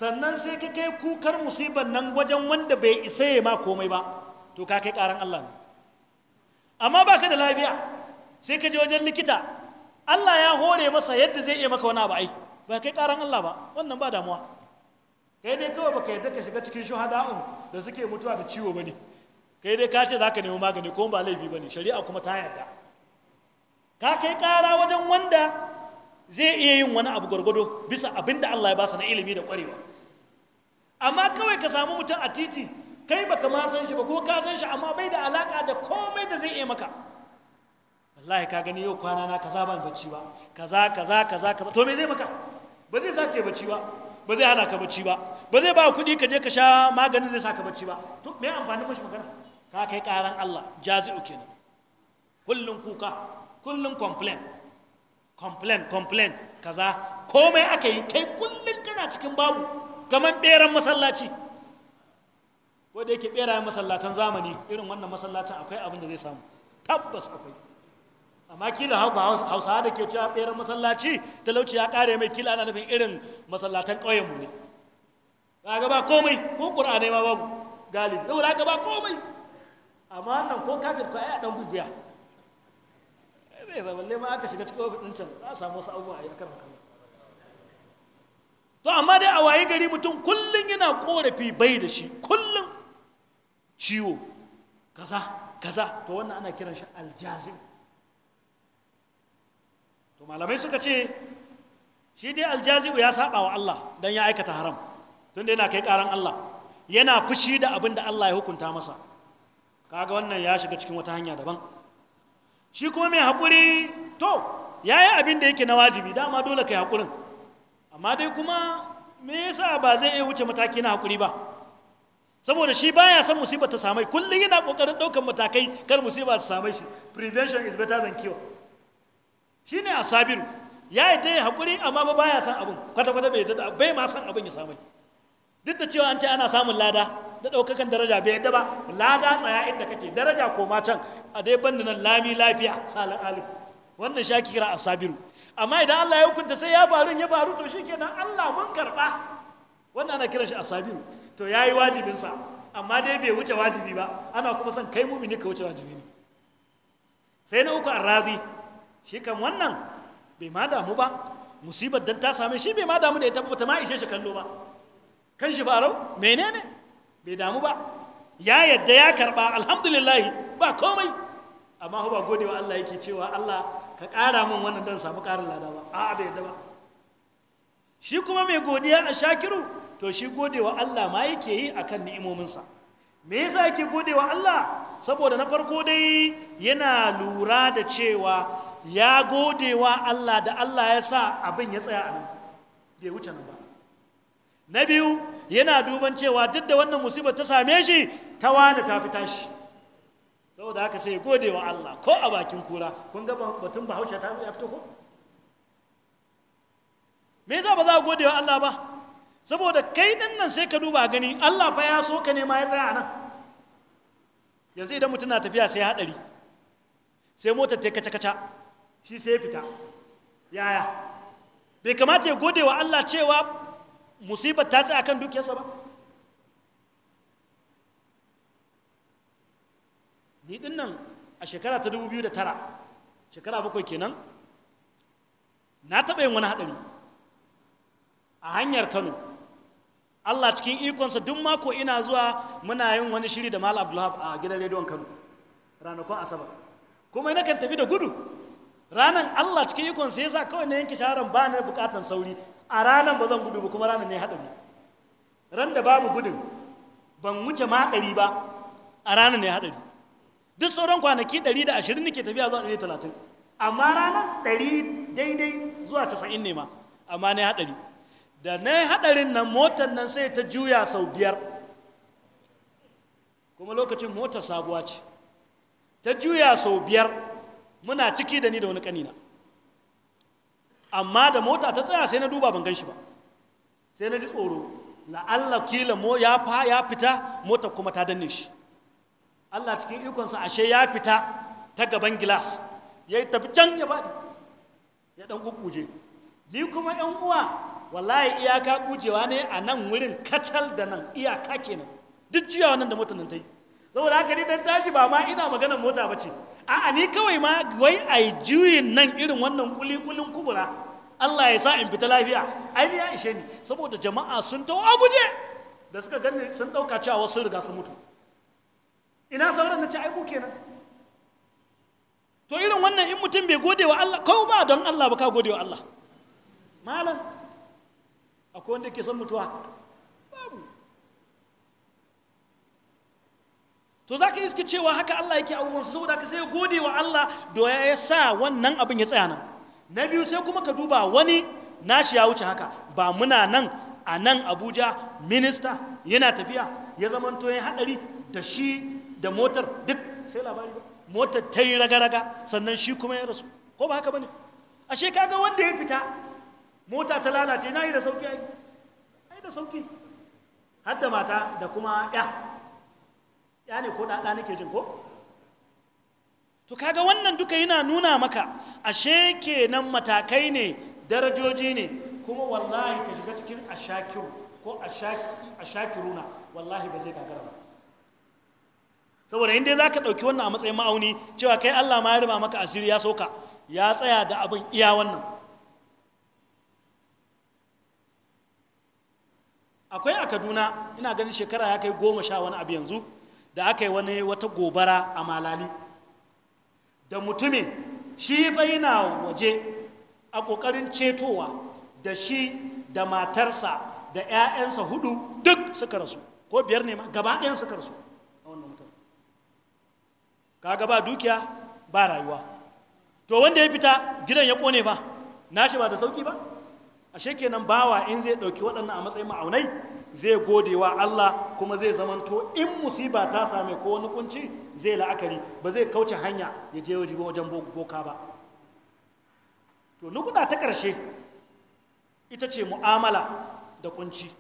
sannan sai ka kai kukar musibar nan wajen wanda bai isa ya ma komai ba to ka kai karan Allah ne amma baka da lafiya sai ka je wajen likita Allah ya hore masa yadda zai iya maka wani abu ai ba kai karan Allah ba wannan ba damuwa kai dai kawai baka yadda ka shiga cikin shuhada'un da suke mutuwa da ciwo bane kai dai ka ce zaka nemi magani ko ba laifi bane shari'a kuma ta yarda ka kai kara wajen wanda zai iya yin wani abu gwargwado bisa abinda Allah ya sa na ilimi da kwarewa amma kawai ka samu mutum a titi kai baka ma san shi ba ko ka san shi amma bai da alaka da komai da zai iya maka wallahi ka gani yau kwana na kaza ban bacci ba kaza kaza kaza kaza to me zai maka ba zai sake bacci ba ba zai hana ka bacci ba ba zai ba kuɗi ka je ka sha maganin zai saka bacci ba to me amfani mashi magana ka kai karan Allah jazi'u kenan kullun kuka kullun complain complain complain kaza komai aka yi kai kullun kana cikin babu kamar beran masallaci ko da yake berayen masallatan zamani irin wannan masallacin akwai abin da zai samu tabbas akwai amma kila hausawa da ke cewa ɓeran masallaci talauci ya ƙare mai kila ana nufin irin masallatan ƙauyenmu ne ba ga ba komai ko ƙura ma babu galibi yau da ba komai amma nan ko kafin ko ai a ɗan guguya zai zama aka shiga cikin ofis can za a samu wasu abubuwa a yi akan to amma dai a wayi gari mutum kullum yana korafi bai da shi kullum ciwo kaza kaza to wannan ana kiran shi aljazin to malamai suka ce shi dai aljazi'u ya saba wa Allah don ya aikata haram tunda yana kai karan Allah yana fushi da abin da Allah ya hukunta masa kaga wannan ya shiga cikin wata hanya daban shi kuma mai hakuri to yi abin da yake na wajibi dama dole kai haƙurin amma dai kuma me yasa ba zai iya wuce mataki na hakuri ba saboda shi ba ya san musiba ta samai kullum yana ƙoƙarin ɗaukar matakai kar musiba ta samai shi prevention is better than cure Shi shine asabiru ya yi ta haƙuri amma ba baya san abin kwata-kwata bai yadda bai ma san abin ya samai duk da cewa an ce ana samun lada da ɗaukakan daraja bai yadda ba lada tsaya inda kake daraja koma can a dai banda nan lami lafiya salin alim wannan shi ake kira asabiru amma idan Allah ya hukunta sai ya faru ya faru to shi kenan Allah mun karɓa wannan ana kiran shi asabiru to ya yi wajibinsa amma dai bai wuce wajibi ba ana kuma son kai mumini ka wuce wajibi ne sai na uku arrazi shi kan wannan bai ma damu ba musibar dan ta same shi bai ma damu da ya tabbata ma ishe shi kallo ba kan shi farau menene bai damu ba ya yadda ya karba alhamdulillah ba komai amma ba godewa Allah yake cewa Allah ka kara min wannan dan samu ƙarin lada ba a'a bai yadda ba shi kuma mai godiya a shakiru to shi godewa Allah ma yake yi akan ni'imominsa me yasa yake godewa Allah saboda na farko dai yana lura da cewa ya gode wa Allah da Allah ya sa abin ya tsaya a nan bai wuce nan ba na biyu yana duban cewa duk da wannan musibar ta same shi ta wani ta fi tashi saboda haka sai gode wa Allah ko a bakin kura kun ga batun bahaushe ta ya fito ko me za ba za a gode wa Allah ba saboda kai din nan sai ka duba gani Allah fa ya so ka ne ma ya tsaya a nan yanzu idan mutum na tafiya sai haɗari sai motar ta kaca kaca shi sai ya fita yaya bai kamata ya gode wa Allah cewa musibar ta a kan dukiyarsa ba ni din a shekara ta 2009 shekara bakwai kenan na taɓa yin wani haɗari a hanyar kano Allah cikin ikonsa duk mako ina zuwa muna yin wani shiri da Malam Abdullahi a gidan rediyon Kano ranakun Asabar kuma ina kan tafi da gudu ranan Allah cikin ikon sai yasa kawai na yanke sharan ba na bukatan sauri a ranan ba zan gudu ba kuma ranan ne haɗari ran da babu gudun ban wuce ma ɗari ba a ranan ne haɗari duk sauran kwanaki ɗari da ashirin nake tafiya zuwa ɗari talatin amma ranan ɗari daidai zuwa casa'in ne ma amma na haɗari da na haɗarin nan motar nan sai ta juya sau biyar kuma lokacin motar sabuwa ce ta juya sau biyar muna ciki da ni da wani kanina amma da mota ta tsaya sai na duba ban ganshi shi ba sai na ji tsoro la'alla kila mo ya fa ya fita motar kuma ta danne shi Allah cikin ikonsa ashe ya fita ta gaban gilas ya yi tafi can ya faɗi ya ɗan kukuje ni kuma ɗan uwa wallahi iyaka kujewa ne a nan wurin kacal da nan iyaka kenan duk jiya wannan da motar nan ta yi saboda haka ni dan taji ba ma ina magana mota ba ce a'a ni kawai ma wai ai juyin nan irin wannan kulikulin kubura Allah ya sa in fita lafiya ai ni ya ishe ni saboda jama'a sun tawo a guje da suka gani sun dauka cewa wasu riga sun mutu ina sauran na ce ai kenan to irin wannan in mutum bai gode wa Allah ko ba don Allah ba ka gode wa Allah malam akwai wanda ke son mutuwa to za ka iske cewa haka Allah yake abubuwan su saboda ka sai gode wa Allah doya ya sa wannan abin ya tsaya nan na biyu sai kuma ka duba wani nashi ya wuce haka ba muna nan a nan abuja minista yana tafiya ya zama to yin haɗari da shi da motar duk sai labari ba motar ta yi raga-raga sannan shi kuma ya rasu ko ba haka ba ne ashe kaga wanda ya fita mota ta lalace na yi da sauki ai da sauki har mata da kuma ya ya ne ko ɗaɗa nake jin ko to kaga wannan duka yana nuna maka ashe kenan matakai ne darajoji ne kuma wallahi ka shiga cikin ashakiru ko ashakiruna wallahi ba zai gagara ba saboda inda za ka ɗauki wannan a matsayin ma'auni cewa kai allah ma ya riba maka asiri ya soka ya tsaya da abin iya wannan akwai a kaduna ina ganin shekara ya kai goma sha wani abu yanzu da aka yi wani wata gobara a malali da mutumin shi fa waje a ƙoƙarin cetowa da shi da matarsa da 'ya'yansa hudu duk suka rasu ko biyar ne gaba ɗayan suka rasu a wannan mutum ka ba dukiya ba rayuwa to wanda ya fita gidan ya kone ba nashi ba da sauki ba ashe kenan bawa in zai ɗauki waɗannan a matsayin ma'aunai zai gode wa Allah kuma zai zamanto in musiba ta same ko wani kunci zai la'akari ba zai kauce hanya ya je wajen boka ba to nukuda ta ƙarshe ita ce mu'amala da kunci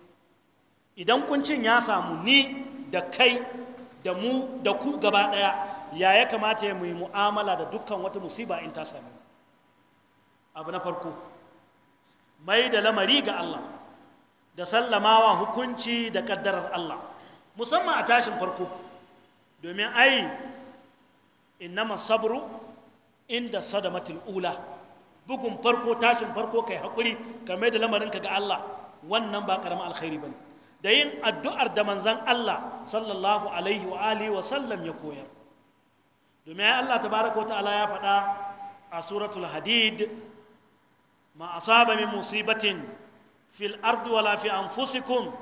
idan kuncin ya samu ni da kai da mu da ku gaba ɗaya ya ya kamata ya muyi mu'amala da dukkan wata musiba in ta same abu na farko mai da lamari ga Allah da sallamawa hukunci da ƙaddarar Allah musamman a tashin farko domin ai innama sabru inda sadamatul ula bugun farko tashin farko kai haƙuri kamar da lamarinka ga Allah wannan ba ƙaramin alkhairi bane da yin addu'ar da manzan Allah sallallahu alaihi wa alihi wa sallam ya koyar domin ai Allah tabaraka ta'ala ya faɗa a suratul hadid ma asaba min musibatin في الأرض ولا في أنفسكم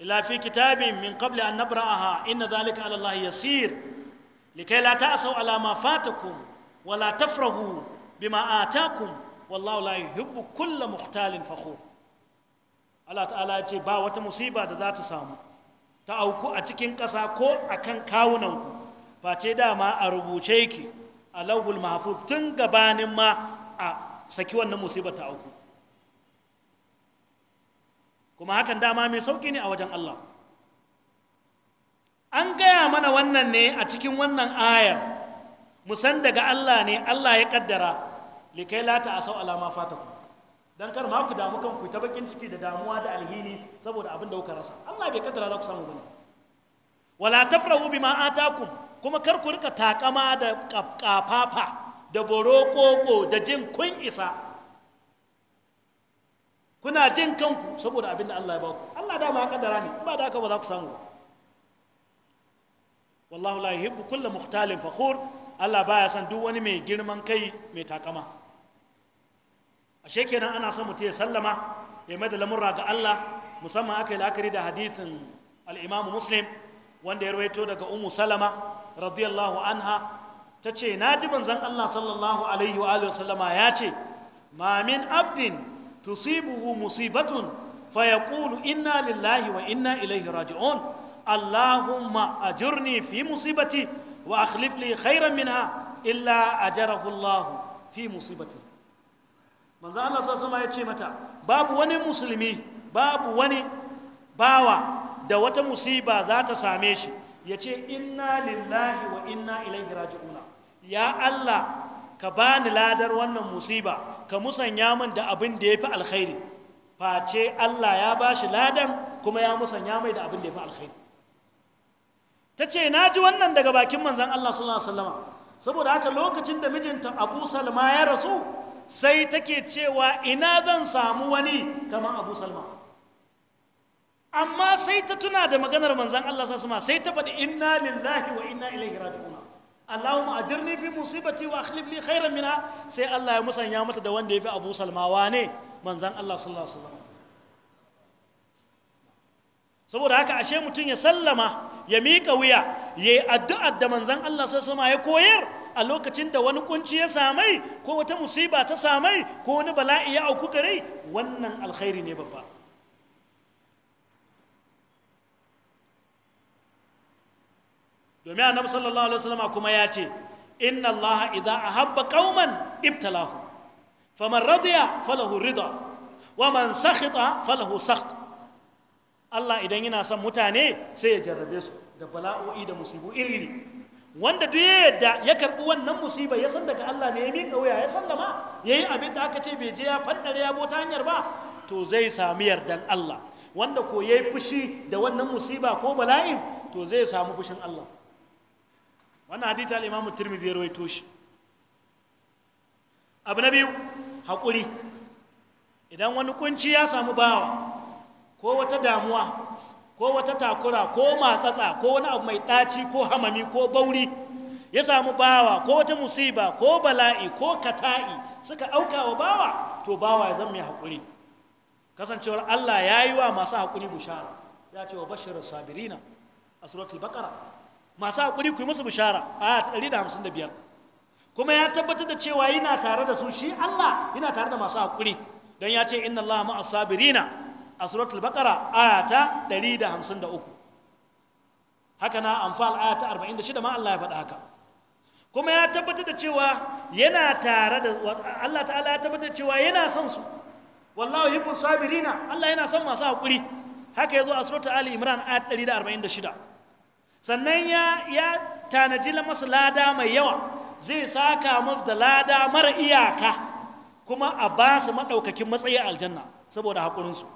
إلا في كتاب من قبل أن نبرأها إن ذلك على الله يسير لكي لا تأسوا على ما فاتكم ولا تفرغوا بما آتاكم والله لا يحب كل مختال فخور الله تعالى يجي با وتا مصيبة ذات سامو ta auku a cikin ƙasa ko a kan kawunanku ba ce dama a rubuce ki a lauhul kuma hakan dama mai sauki ne a wajen Allah an gaya mana wannan ne a cikin wannan ayar musan daga Allah ne Allah ya kaddara likai lata a sau alama fataku don kar ma ku damu kanku ta bakin ciki da damuwa da alhini saboda abin da kuka rasa Allah bai kaddara za ku samu bane wala tafrahu bima atakum kuma kar ku rika takama da kafafa da borokoko da jin kun isa kuna jin kanku saboda abin da Allah ya baku Allah dama ya ne ba da haka ba za ku samu ba wallahu la yuhibbu kullu mukhtalin fakhur Allah baya son duk wani mai girman kai mai takama ashe kenan ana son mutum ya sallama ya mai da lamurra ga Allah musamman aka yi la'akari da hadisin al-Imam Muslim wanda ya rawaito daga Ummu Salama radiyallahu anha tace naji manzon Allah sallallahu alaihi wa alihi wasallama ya ce ma min abdin tusibuhu musibatun fayaqulu inna lillahi wa inna ilaihi raji'un allahumma ajurni fi musibati wa akhlif li khairan minha illa ajarahu allah fi musibati manzo Allah sallallahu alaihi ya ce mata babu wani musulmi babu wani bawa da wata musiba za ta same shi ya ce inna lillahi wa inna ilaihi raji'una ya Allah ka bani ladar wannan musiba ka musanya min da abin da ya fi alkhairi face Allah ya ba shi ladan kuma ya musanya mai da abin da ya fi alkhairi ta ce na ji wannan daga bakin manzan Allah sallallahu alaihi wasallama saboda haka lokacin da mijinta Abu Salma ya rasu sai take cewa ina zan samu wani kamar Abu Salma amma sai ta tuna da maganar manzan Allah sallallahu alaihi wasallama sai ta faɗi inna lillahi wa inna ilaihi raji'un Allahumma ajirni fi musibati wa akhlif li khairan minha sai Allah ya musanya mata da wanda yafi Abu Salma wane manzon Allah sallallahu alaihi saboda haka ashe mutum ya sallama ya miƙa wuya ya yi addu'ar da manzan Allah sai ya koyar a lokacin da wani kunci ya samai ko wata musiba ta samai ko wani bala'i ya auku gare wannan alkhairi ne babba domin nabi sallallahu alaihi wasallam kuma ya ce inna allaha idza ahabba qauman ibtalahu faman radiya falahu rida wa man sakhita falahu sakht Allah idan yana son mutane sai ya jarrabe su da bala'o'i da musibu iri wanda duk yadda ya karbi wannan musiba ya san daga Allah ne ya miƙa wuya ya sallama yayi abin da aka ce bai je ya faddare ya bota hanyar ba to zai sami yardan Allah wanda ko yayi fushi da wannan musiba ko bala'in to zai samu fushin Allah wannan hadita al-imam tirmidhi ya rawaito shi abu na biyu haƙuri idan wani kunci ya samu bawa ko wata damuwa ko wata takura ko matsatsa ko wani abu mai ɗaci ko hamami ko bauri ya samu bawa ko wata musiba ko bala'i ko kata'i suka auka wa bawa to bawa ya zama mai haƙuri kasancewar allah ya yi wa masu haƙuri bushara ya ce wa bashirar sabirina a suratul bakara masu haƙuri ku yi musu bishara aya ta 155 kuma ya tabbatar da cewa yana tare da su shi Allah yana tare da masu haƙuri don ya ce inna Allah ma'a sabirina a suratul baqara aya ta 153 haka na anfal aya ta 46 ma Allah ya faɗa haka kuma ya tabbatar da cewa yana tare da Allah ta'ala ya tabbatar da cewa yana son su wallahu yuhibbu sabirina Allah yana son masu haƙuri haka yazo a suratul ali imran aya 146 sannan ya tanaji masu lada mai yawa zai saka musu da lada mara iyaka kuma a ba su maɗaukakin matsayi aljanna saboda haƙurinsu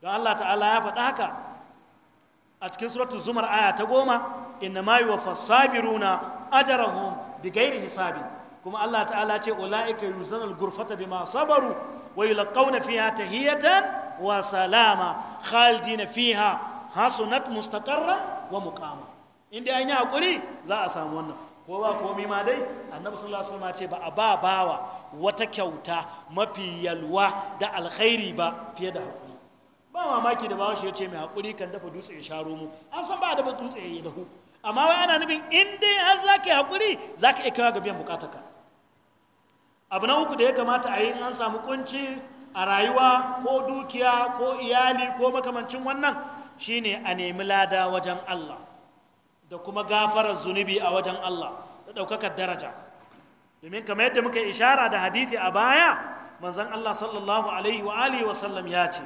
don allah ta'ala ya faɗa haka a cikin suratun zumar aya ta goma inna ma yuwaffa sabiruna ajrahum bighairi hisabin kuma allah ta'ala ce ulaika yuzanul bi bima sabaru wa fiya ta tahiyatan wa salama khalidina fiha hasunat mustaqarra wa muqama inda an yi hakuri za a samu wannan ko ba komi ma dai annabi sallallahu alaihi wasallam ce ba a ba bawa wata kyauta mafi yalwa da alkhairi ba fiye da hakuri ba mamaki da bawa shi ya ce mai hakuri kan dafa dutse ya sharo mu an san ba dafa dutse ya dahu amma wai ana nufin in dai har za ka yi hakuri za ka iya ga biyan abu na uku da ya kamata a yi an samu kunci a rayuwa ko dukiya ko iyali ko makamancin wannan shine a nemi lada wajen Allah da kuma gafarar zunubi a wajen Allah da ɗaukakar daraja domin kamar yadda muka ishara da hadithi a baya manzon Allah sallallahu alaihi wa alihi wa sallam ya ce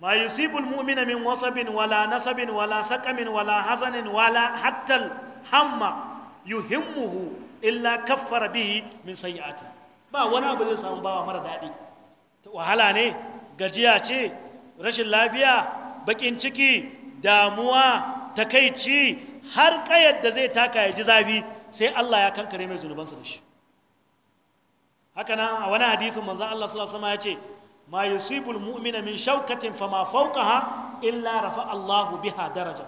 ma yusibul mu'mina min wasabin wala nasabin wala saqamin wala hazanin wala hatta hamma yuhimmuhu illa kaffara bihi min sayyi'ati ba wani abu zai samu bawa mara daɗi wahala ne gajiya ce rashin lafiya bakin ciki damuwa takaici har ƙayar da zai taka ya ji zafi sai Allah ya kankare mai zunubansa da shi haka nan a wani hadithin manzon Allah sallallahu alaihi ya ce ma yusibul mu'mina min shawkatin fama fawqaha illa rafa Allahu biha daraja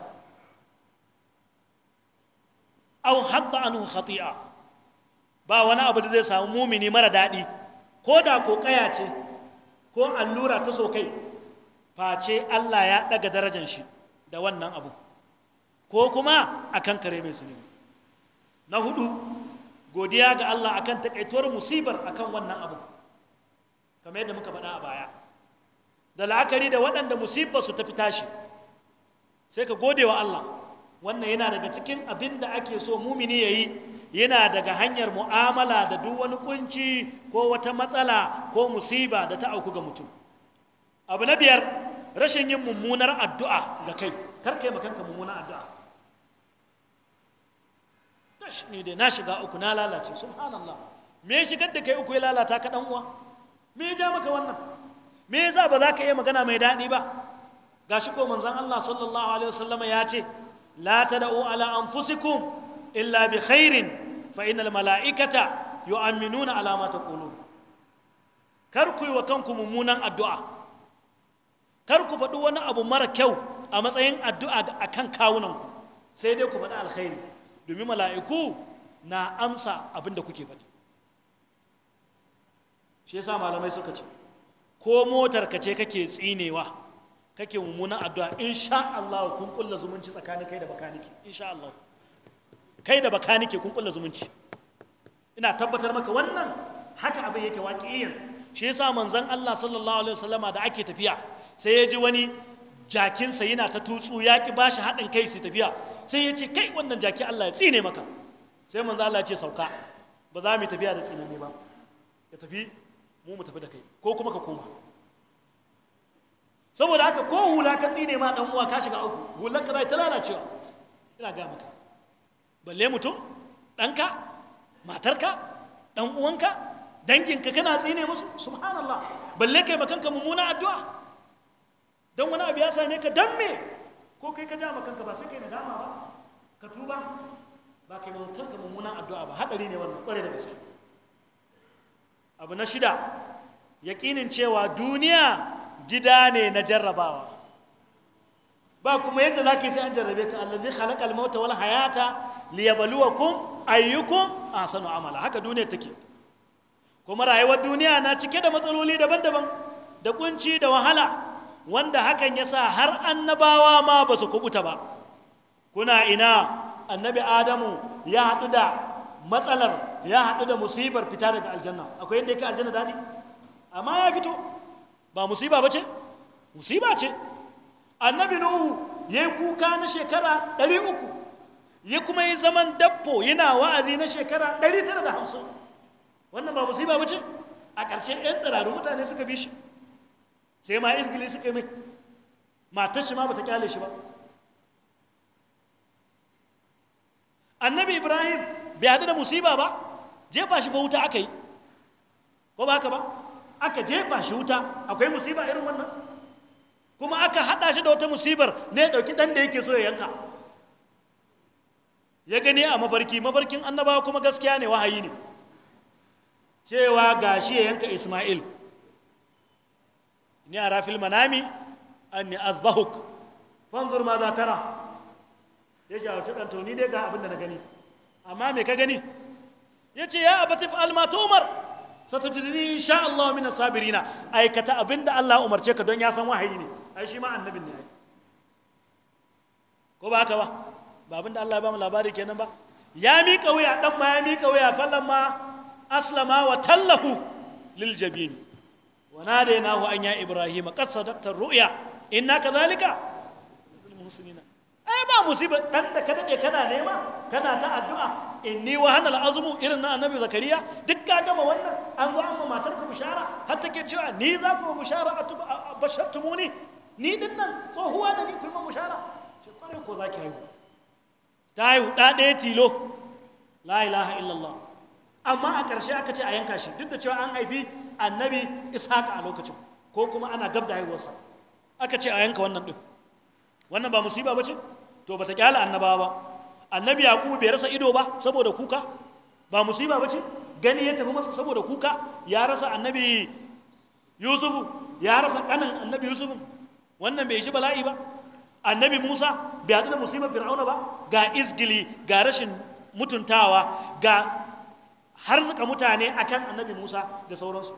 aw hadda anhu khati'a ba wani abu da zai samu mumini mara daɗi ko da ko ƙaya ce ko allura ta so kai face Allah ya ɗaga darajar shi da wannan abu ko kuma a kan kare mai zunubi na hudu godiya ga Allah a kan takaituwar musibar a kan wannan abu kamar yadda muka faɗa a baya da la'akari da waɗanda musibar su tafi tashi sai ka gode wa Allah wannan yana daga cikin abin da ake so mumini ya yi yana daga hanyar mu'amala da duk wani kunci ko wata matsala ko musiba da ta auku ga mutum abu na biyar rashin yin mummunar addu'a ga kai karka yi makanka mummunar addu'a kashi dai na shiga uku na lalace subhanallah me shigar da kai uku ya lalata ka dan uwa me ya ja maka wannan me za ba za ka iya magana mai daɗi ba gashi ko manzon Allah sallallahu alaihi ya ce la tad'u ala anfusikum illa bi khairin fa innal mala'ikata yu'minuna ala ma taqulun kar ku yi wa kanku mummunan addu'a kar ku faɗi wani abu mara kyau a matsayin addu'a akan kawunanku sai dai ku faɗi alkhairi domin mala'iku na amsa abin da kuke faɗi shi yasa malamai suka ce ko motar ka ce kake tsinewa kake mummunan addu'a insha Allah kun kulla zumunci tsakanin kai da bakanike insha Allah kai da bakaniki kun kulla zumunci ina tabbatar maka wannan haka abin yake waƙiyin shi yasa manzan Allah sallallahu alaihi wasallama da ake tafiya sai ya ji wani jakinsa yana ta tutsu ya ba bashi haɗin kai su tafiya sai ya ce kai wannan jaki Allah ya tsine maka sai manzo Allah ya ce sauka ba za mu tafiya da tsinanne ba ya tafi mu mu tafi da kai ko kuma ka koma saboda haka ko hula ka tsine ma dan uwa ka shiga uku hular ka zai ta lalacewa ina ga maka balle mutum ɗanka matarka dan uwanka danginka kana tsine musu subhanallah balle kai makanka mummuna addu'a dan wani abu ya ne ka dambe. me ko kai ka ja ma kanka ba sai kai nadama ba ka tuba ba kai mun kanka mummunan addu'a ba hadari ne wannan kware da gaske abu na shida yaƙinin cewa duniya gida ne na jarrabawa ba kuma yadda zaki sai an jarrabe ka allazi khalaqal mauta wal hayata liyabluwakum ayyukum ahsanu amala haka duniya take kuma rayuwar duniya na cike da matsaloli daban-daban da kunci da wahala wanda hakan ya sa har annabawa ma ba su kubuta ba kuna ina annabi adamu ya haɗu da matsalar ya haɗu da musibar fita daga aljanna akwai yadda yake aljanna daɗi amma ya fito ba musiba ba ce musiba ce annabi nuhu ya yi kuka na shekara ɗari uku ya kuma yi zaman dabbo yana wa'azi na shekara ɗari tara da hamsin wannan ba musiba ba ce a ƙarshe 'yan tsirarun mutane suka bi shi sai ma izgili suka yi mai matar shi ma bata kyale shi ba annabi ibrahim bai haɗu da musiba ba jefa shi ba wuta aka yi ko ba haka ba aka jefa shi wuta akwai musiba irin wannan kuma aka haɗa shi da wata musibar ne ya ɗauki ɗan da yake so ya yanka ya gani a mafarki mafarkin annabawa kuma gaskiya ne wahayi ne cewa gashi ya yanka ismail inni ara fil ani azbahuk fanzur ma za tara ya ce a wacce ɗan toni dai abin da na gani amma me ka gani yace ya ce ya abatif almatu umar satajidini insha Allah min sabirina aikata abin da Allah umarce ka don ya san wahayi ne ai shi ma annabin ne ko ba haka ba ba abin Allah ya ba labari kenan ba ya miƙa wuya ɗan ma ya miƙa wuya fallan ma aslama wa tallahu lil وناديناه أن يا إبراهيم قد صدقت الرؤيا إنا كذلك المحسنين ai ba musiba dan da ka daɗe kana nema kana ta addu'a inni wa hanal azmu irin na annabi zakariya duk ka gama wannan an zo an ma matar ni za ni din nan tsohuwa da ni kulma ma ce kware ko zaki haihu ta haihu da ɗaya tilo la ilaha illallah amma a ƙarshe aka ce a yanka shi duk da cewa an haifi annabi ishaq a lokacin ko kuma ana gab da haihuwarsa aka ce a yanka wannan ɗin wannan ba musiba ba ce to ba ta kyala annabawa ba annabi kuma bai rasa ido ba saboda kuka ba musiba ba ce gani ya tafi masa saboda kuka ya rasa annabi yusufu ya rasa ƙanin annabi yusufu wannan bai shi bala'i ba annabi musa bai haɗu da musibar fir'auna ba ga izgili ga rashin mutuntawa ga harzuka mutane akan annabi Musa da sauransu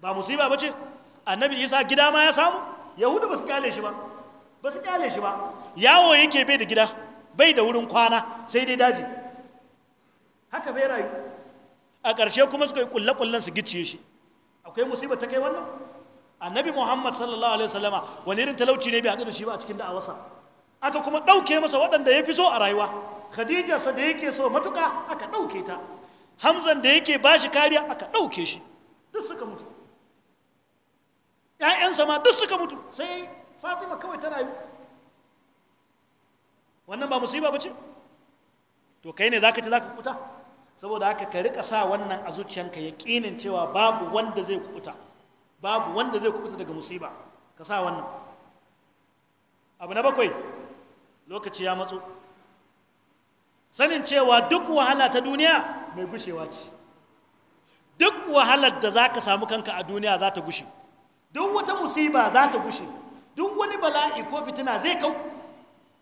ba musiba bace annabi Isa gida ma ya samu yahudu ba su kyale shi ba ba su kyale shi ba yawo yake bai da gida bai da wurin kwana sai dai daji haka bai rayu a ƙarshe kuma suka yi kulle-kullen su gicciye shi akwai musiba ta kai wannan annabi muhammad sallallahu alaihi wasallama wani irin talauci ne bai haɗu da shi ba a cikin da'awarsa aka kuma ɗauke masa waɗanda ya fi so a rayuwa khadijarsa da yake so matuƙa aka ɗauke ta hamzan da yake ba shi kariya aka ɗauke shi duk suka mutu ‘ya'yansa ma duk suka mutu sai fatima kawai ta rayu wannan ba musiba ba ce to kai ne za ka ci za ka kuta saboda haka ka riƙa sa wannan a zuciyanka ya ƙinin cewa babu wanda zai kuta babu wanda zai kuta daga musiba ka sa wannan abu na bakwai lokaci ya matso sanin cewa duk wahala ta duniya mai gushewa ce duk wahalar da za ka samu kanka a duniya za ta gushe duk wata musiba za ta gushe duk wani bala'i ko fitina zai kau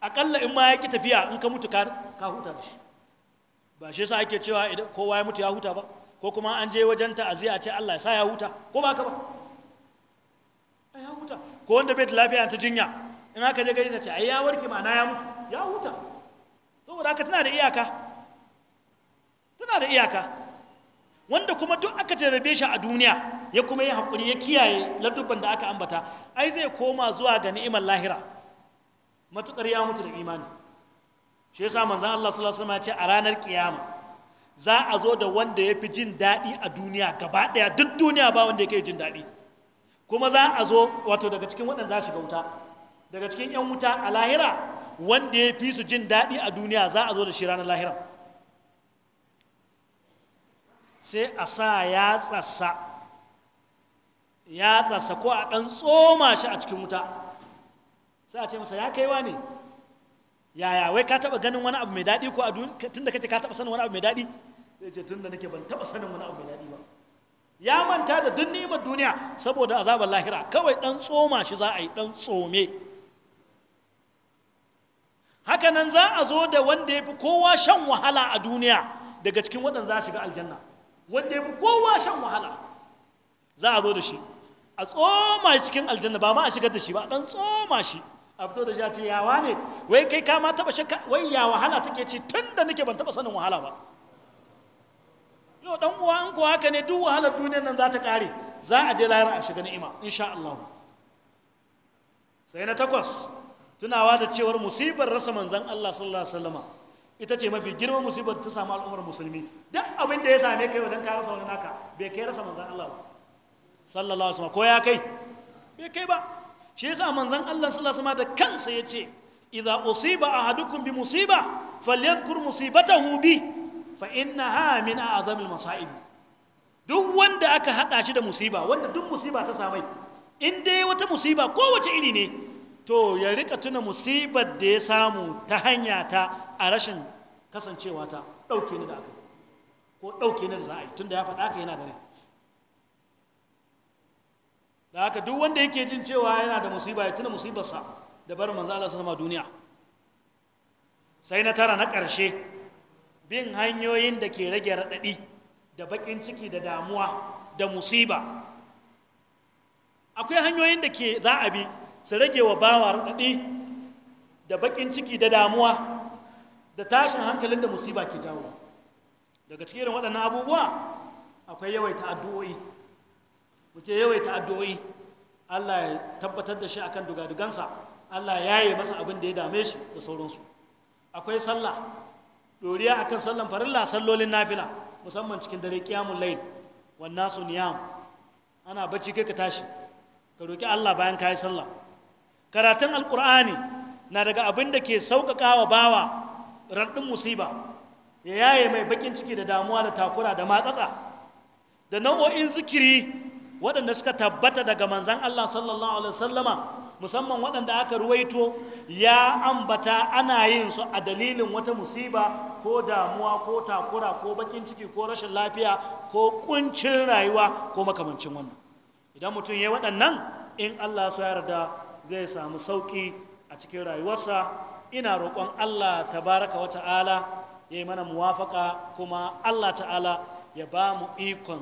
aƙalla in ma ya ki tafiya in ka mutu ka huta shi ba shi sa ake cewa idan kowa ya mutu ya huta ba ko kuma an je wajen ta aziya ce Allah ya sa ya huta ko ba ka ba ya huta ko wanda bai da lafiya ta jinya in aka je gaisa ce ai ya warke na ya mutu ya huta saboda haka tana da iyaka tana da iyaka wanda kuma duk aka jarrabe shi a duniya ya kuma yi haƙuri ya kiyaye ladubban da aka ambata ai zai koma zuwa ga ni'imar lahira matuƙar ya mutu da imani shi yasa manzon Allah sallallahu alaihi wasallam ya ce a ranar kiyama za a zo da wanda ya fi jin daɗi a duniya gaba ɗaya duk duniya ba wanda yake jin daɗi kuma za a zo wato daga cikin waɗanda za shiga wuta daga cikin 'yan wuta a lahira wanda ya fi su jin daɗi a duniya za a zo da shi ranar lahira sai a sa ya tsassa ya tsassa ko a ɗan tsoma shi a cikin wuta sai a ce masa ya kaiwa ne yaya wai ka taɓa ganin wani abu mai daɗi ko a duniya tun da kake ka taɓa sanin wani abu mai daɗi zai ce tun da nake ban taɓa sanin wani abu mai daɗi ba ya manta da duk ni'imar duniya saboda azabar lahira kawai ɗan tsoma shi za a yi ɗan tsome haka nan za a zo da wanda ya fi kowa shan wahala a duniya daga cikin waɗanda za shiga aljanna wanda ya fi kowa shan wahala za a zo da shi a tsoma shi cikin aljanna ba ma a shigar da shi ba dan tsoma shi a fito da shi a ce yawa ne wai kai ka ma taɓa shakka wai ya wahala take ce tun da nake ban taɓa sanin wahala ba yau dan uwa in kuwa haka ne duk wahalar duniyar nan za ta ƙare za a je lahira a shiga ni'ima insha Allah sai na takwas tunawa da cewar musibar rasa manzan Allah sallallahu alaihi wasallama ita ce mafi girman musibar ta samu al'ummar musulmi duk abin da ya same kai wajen ka rasa wani naka bai kai rasa manzan Allah ba sallallahu alaihi ko ya kai bai kai ba shi yasa manzan Allah sallallahu alaihi da kansa ya ce idza usiba ahadukum bi musiba falyadhkur musibatahu bi fa innaha min a'zamil masa'ib duk wanda aka hada shi da musiba wanda duk musiba ta samai in dai wata musiba kowace iri ne to ya rika tuna musibar da ya samu ta hanya ta a rashin kasancewa ta ɗauke ni da aka ko ɗauke ni da za a yi tunda ya faɗa ka yana da rai da haka duk wanda yake jin cewa yana da musiba ya tuna musibarsa da barin manzo Allah sallama duniya sai na tara na ƙarshe bin hanyoyin da ke rage raɗaɗi da baƙin ciki da damuwa da musiba akwai hanyoyin da ke za a bi su rage wa bawa raɗaɗi da baƙin ciki da damuwa da tashin hankalin da musiba ke jawo daga cikin irin waɗannan abubuwa akwai yawaita addu'o'i muke yawaita addu'o'i Allah ya tabbatar da shi akan dugadugansa Allah ya yi masa abin da ya dame shi da sauransu akwai sallah doriya akan sallan farilla sallolin nafila musamman cikin dare kiyamun layin wannan su niyam ana bacci kai ka tashi ka roki Allah bayan ka yi sallah karatun alkur'ani na daga abin da ke sauƙaƙa wa bawa raɗin musiba ya yaye mai baƙin ciki da damuwa da takura da matsatsa da nau'o'in zikiri waɗanda suka tabbata daga manzan Allah sallallahu alaihi wasallama musamman waɗanda aka ruwaito ya ambata ana yin su a dalilin wata musiba ko damuwa ko takura ko baƙin ciki ko rashin lafiya ko kuncin rayuwa ko makamancin wannan idan mutum ya waɗannan in allah su yarda zai samu sauƙi a cikin rayuwarsa ina roƙon allah ta baraka wa ta'ala ya yi mana muwafaka kuma allah ta'ala ya ba mu ikon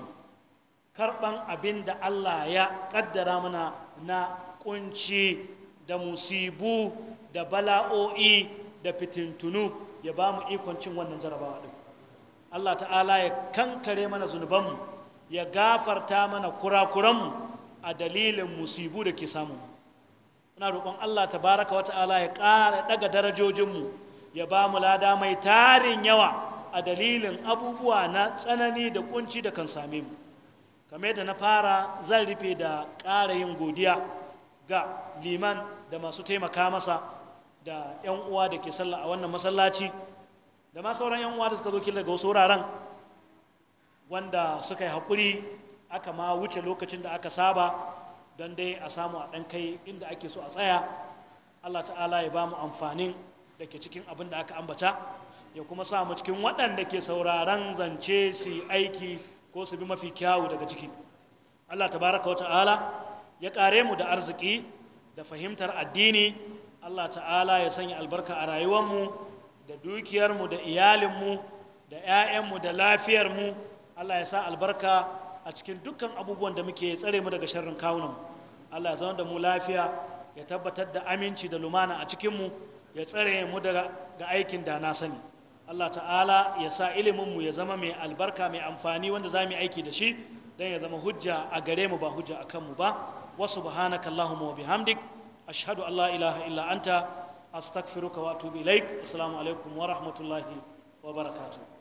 karɓan abin da allah ya ƙaddara mana na ƙunci da musibu da bala'o'i da fitintunu ya ba mu ikon cin wannan jarabawa ɗin allah ta'ala ya kankare mana zunubanmu ya gafarta mana kurakuranmu a dalilin musibu da ke samu muna roƙon Allah ta baraka wa ta'ala ya ƙara daga darajojinmu ya ba mu lada mai tarin yawa a dalilin abubuwa na tsanani da kunci da kan same mu kamar da na fara zan rufe da ƙara yin godiya ga liman da masu taimaka masa da 'yan uwa da ke sallah a wannan masallaci da ma sauran 'yan uwa da suka zo kila daga wasu wuraren wanda suka yi haƙuri aka ma wuce lokacin da aka saba don dai a samu a ɗan kai inda ake so a tsaya allah ta'ala ya ba mu amfanin da ke cikin abin da aka ambata ya kuma sa mu cikin waɗanda ke sauraron zance su aiki ko su bi mafi kyawu daga ciki allah tabaraka wa ta'ala ya ƙare mu da arziki da fahimtar addini allah ta'ala ya sanya albarka a rayuwarmu da dukiyarmu da iyalinmu da 'ya'yanmu da lafiyarmu allah ya sa albarka a cikin dukkan abubuwan da muke tsare mu daga sharrin kawunan Allah ya zama da mu lafiya ya tabbatar da aminci da lumana a cikin mu ya tsare mu daga ga aikin da na sani Allah ta'ala ya sa ilimin mu ya zama mai albarka mai amfani wanda za mu yi aiki da shi dan ya zama hujja a gare mu ba hujja a kanmu ba wa subhanaka allahumma wa bihamdik ashhadu an la ilaha illa anta astaghfiruka wa atubu ilaik assalamu alaikum wa rahmatullahi wa barakatuh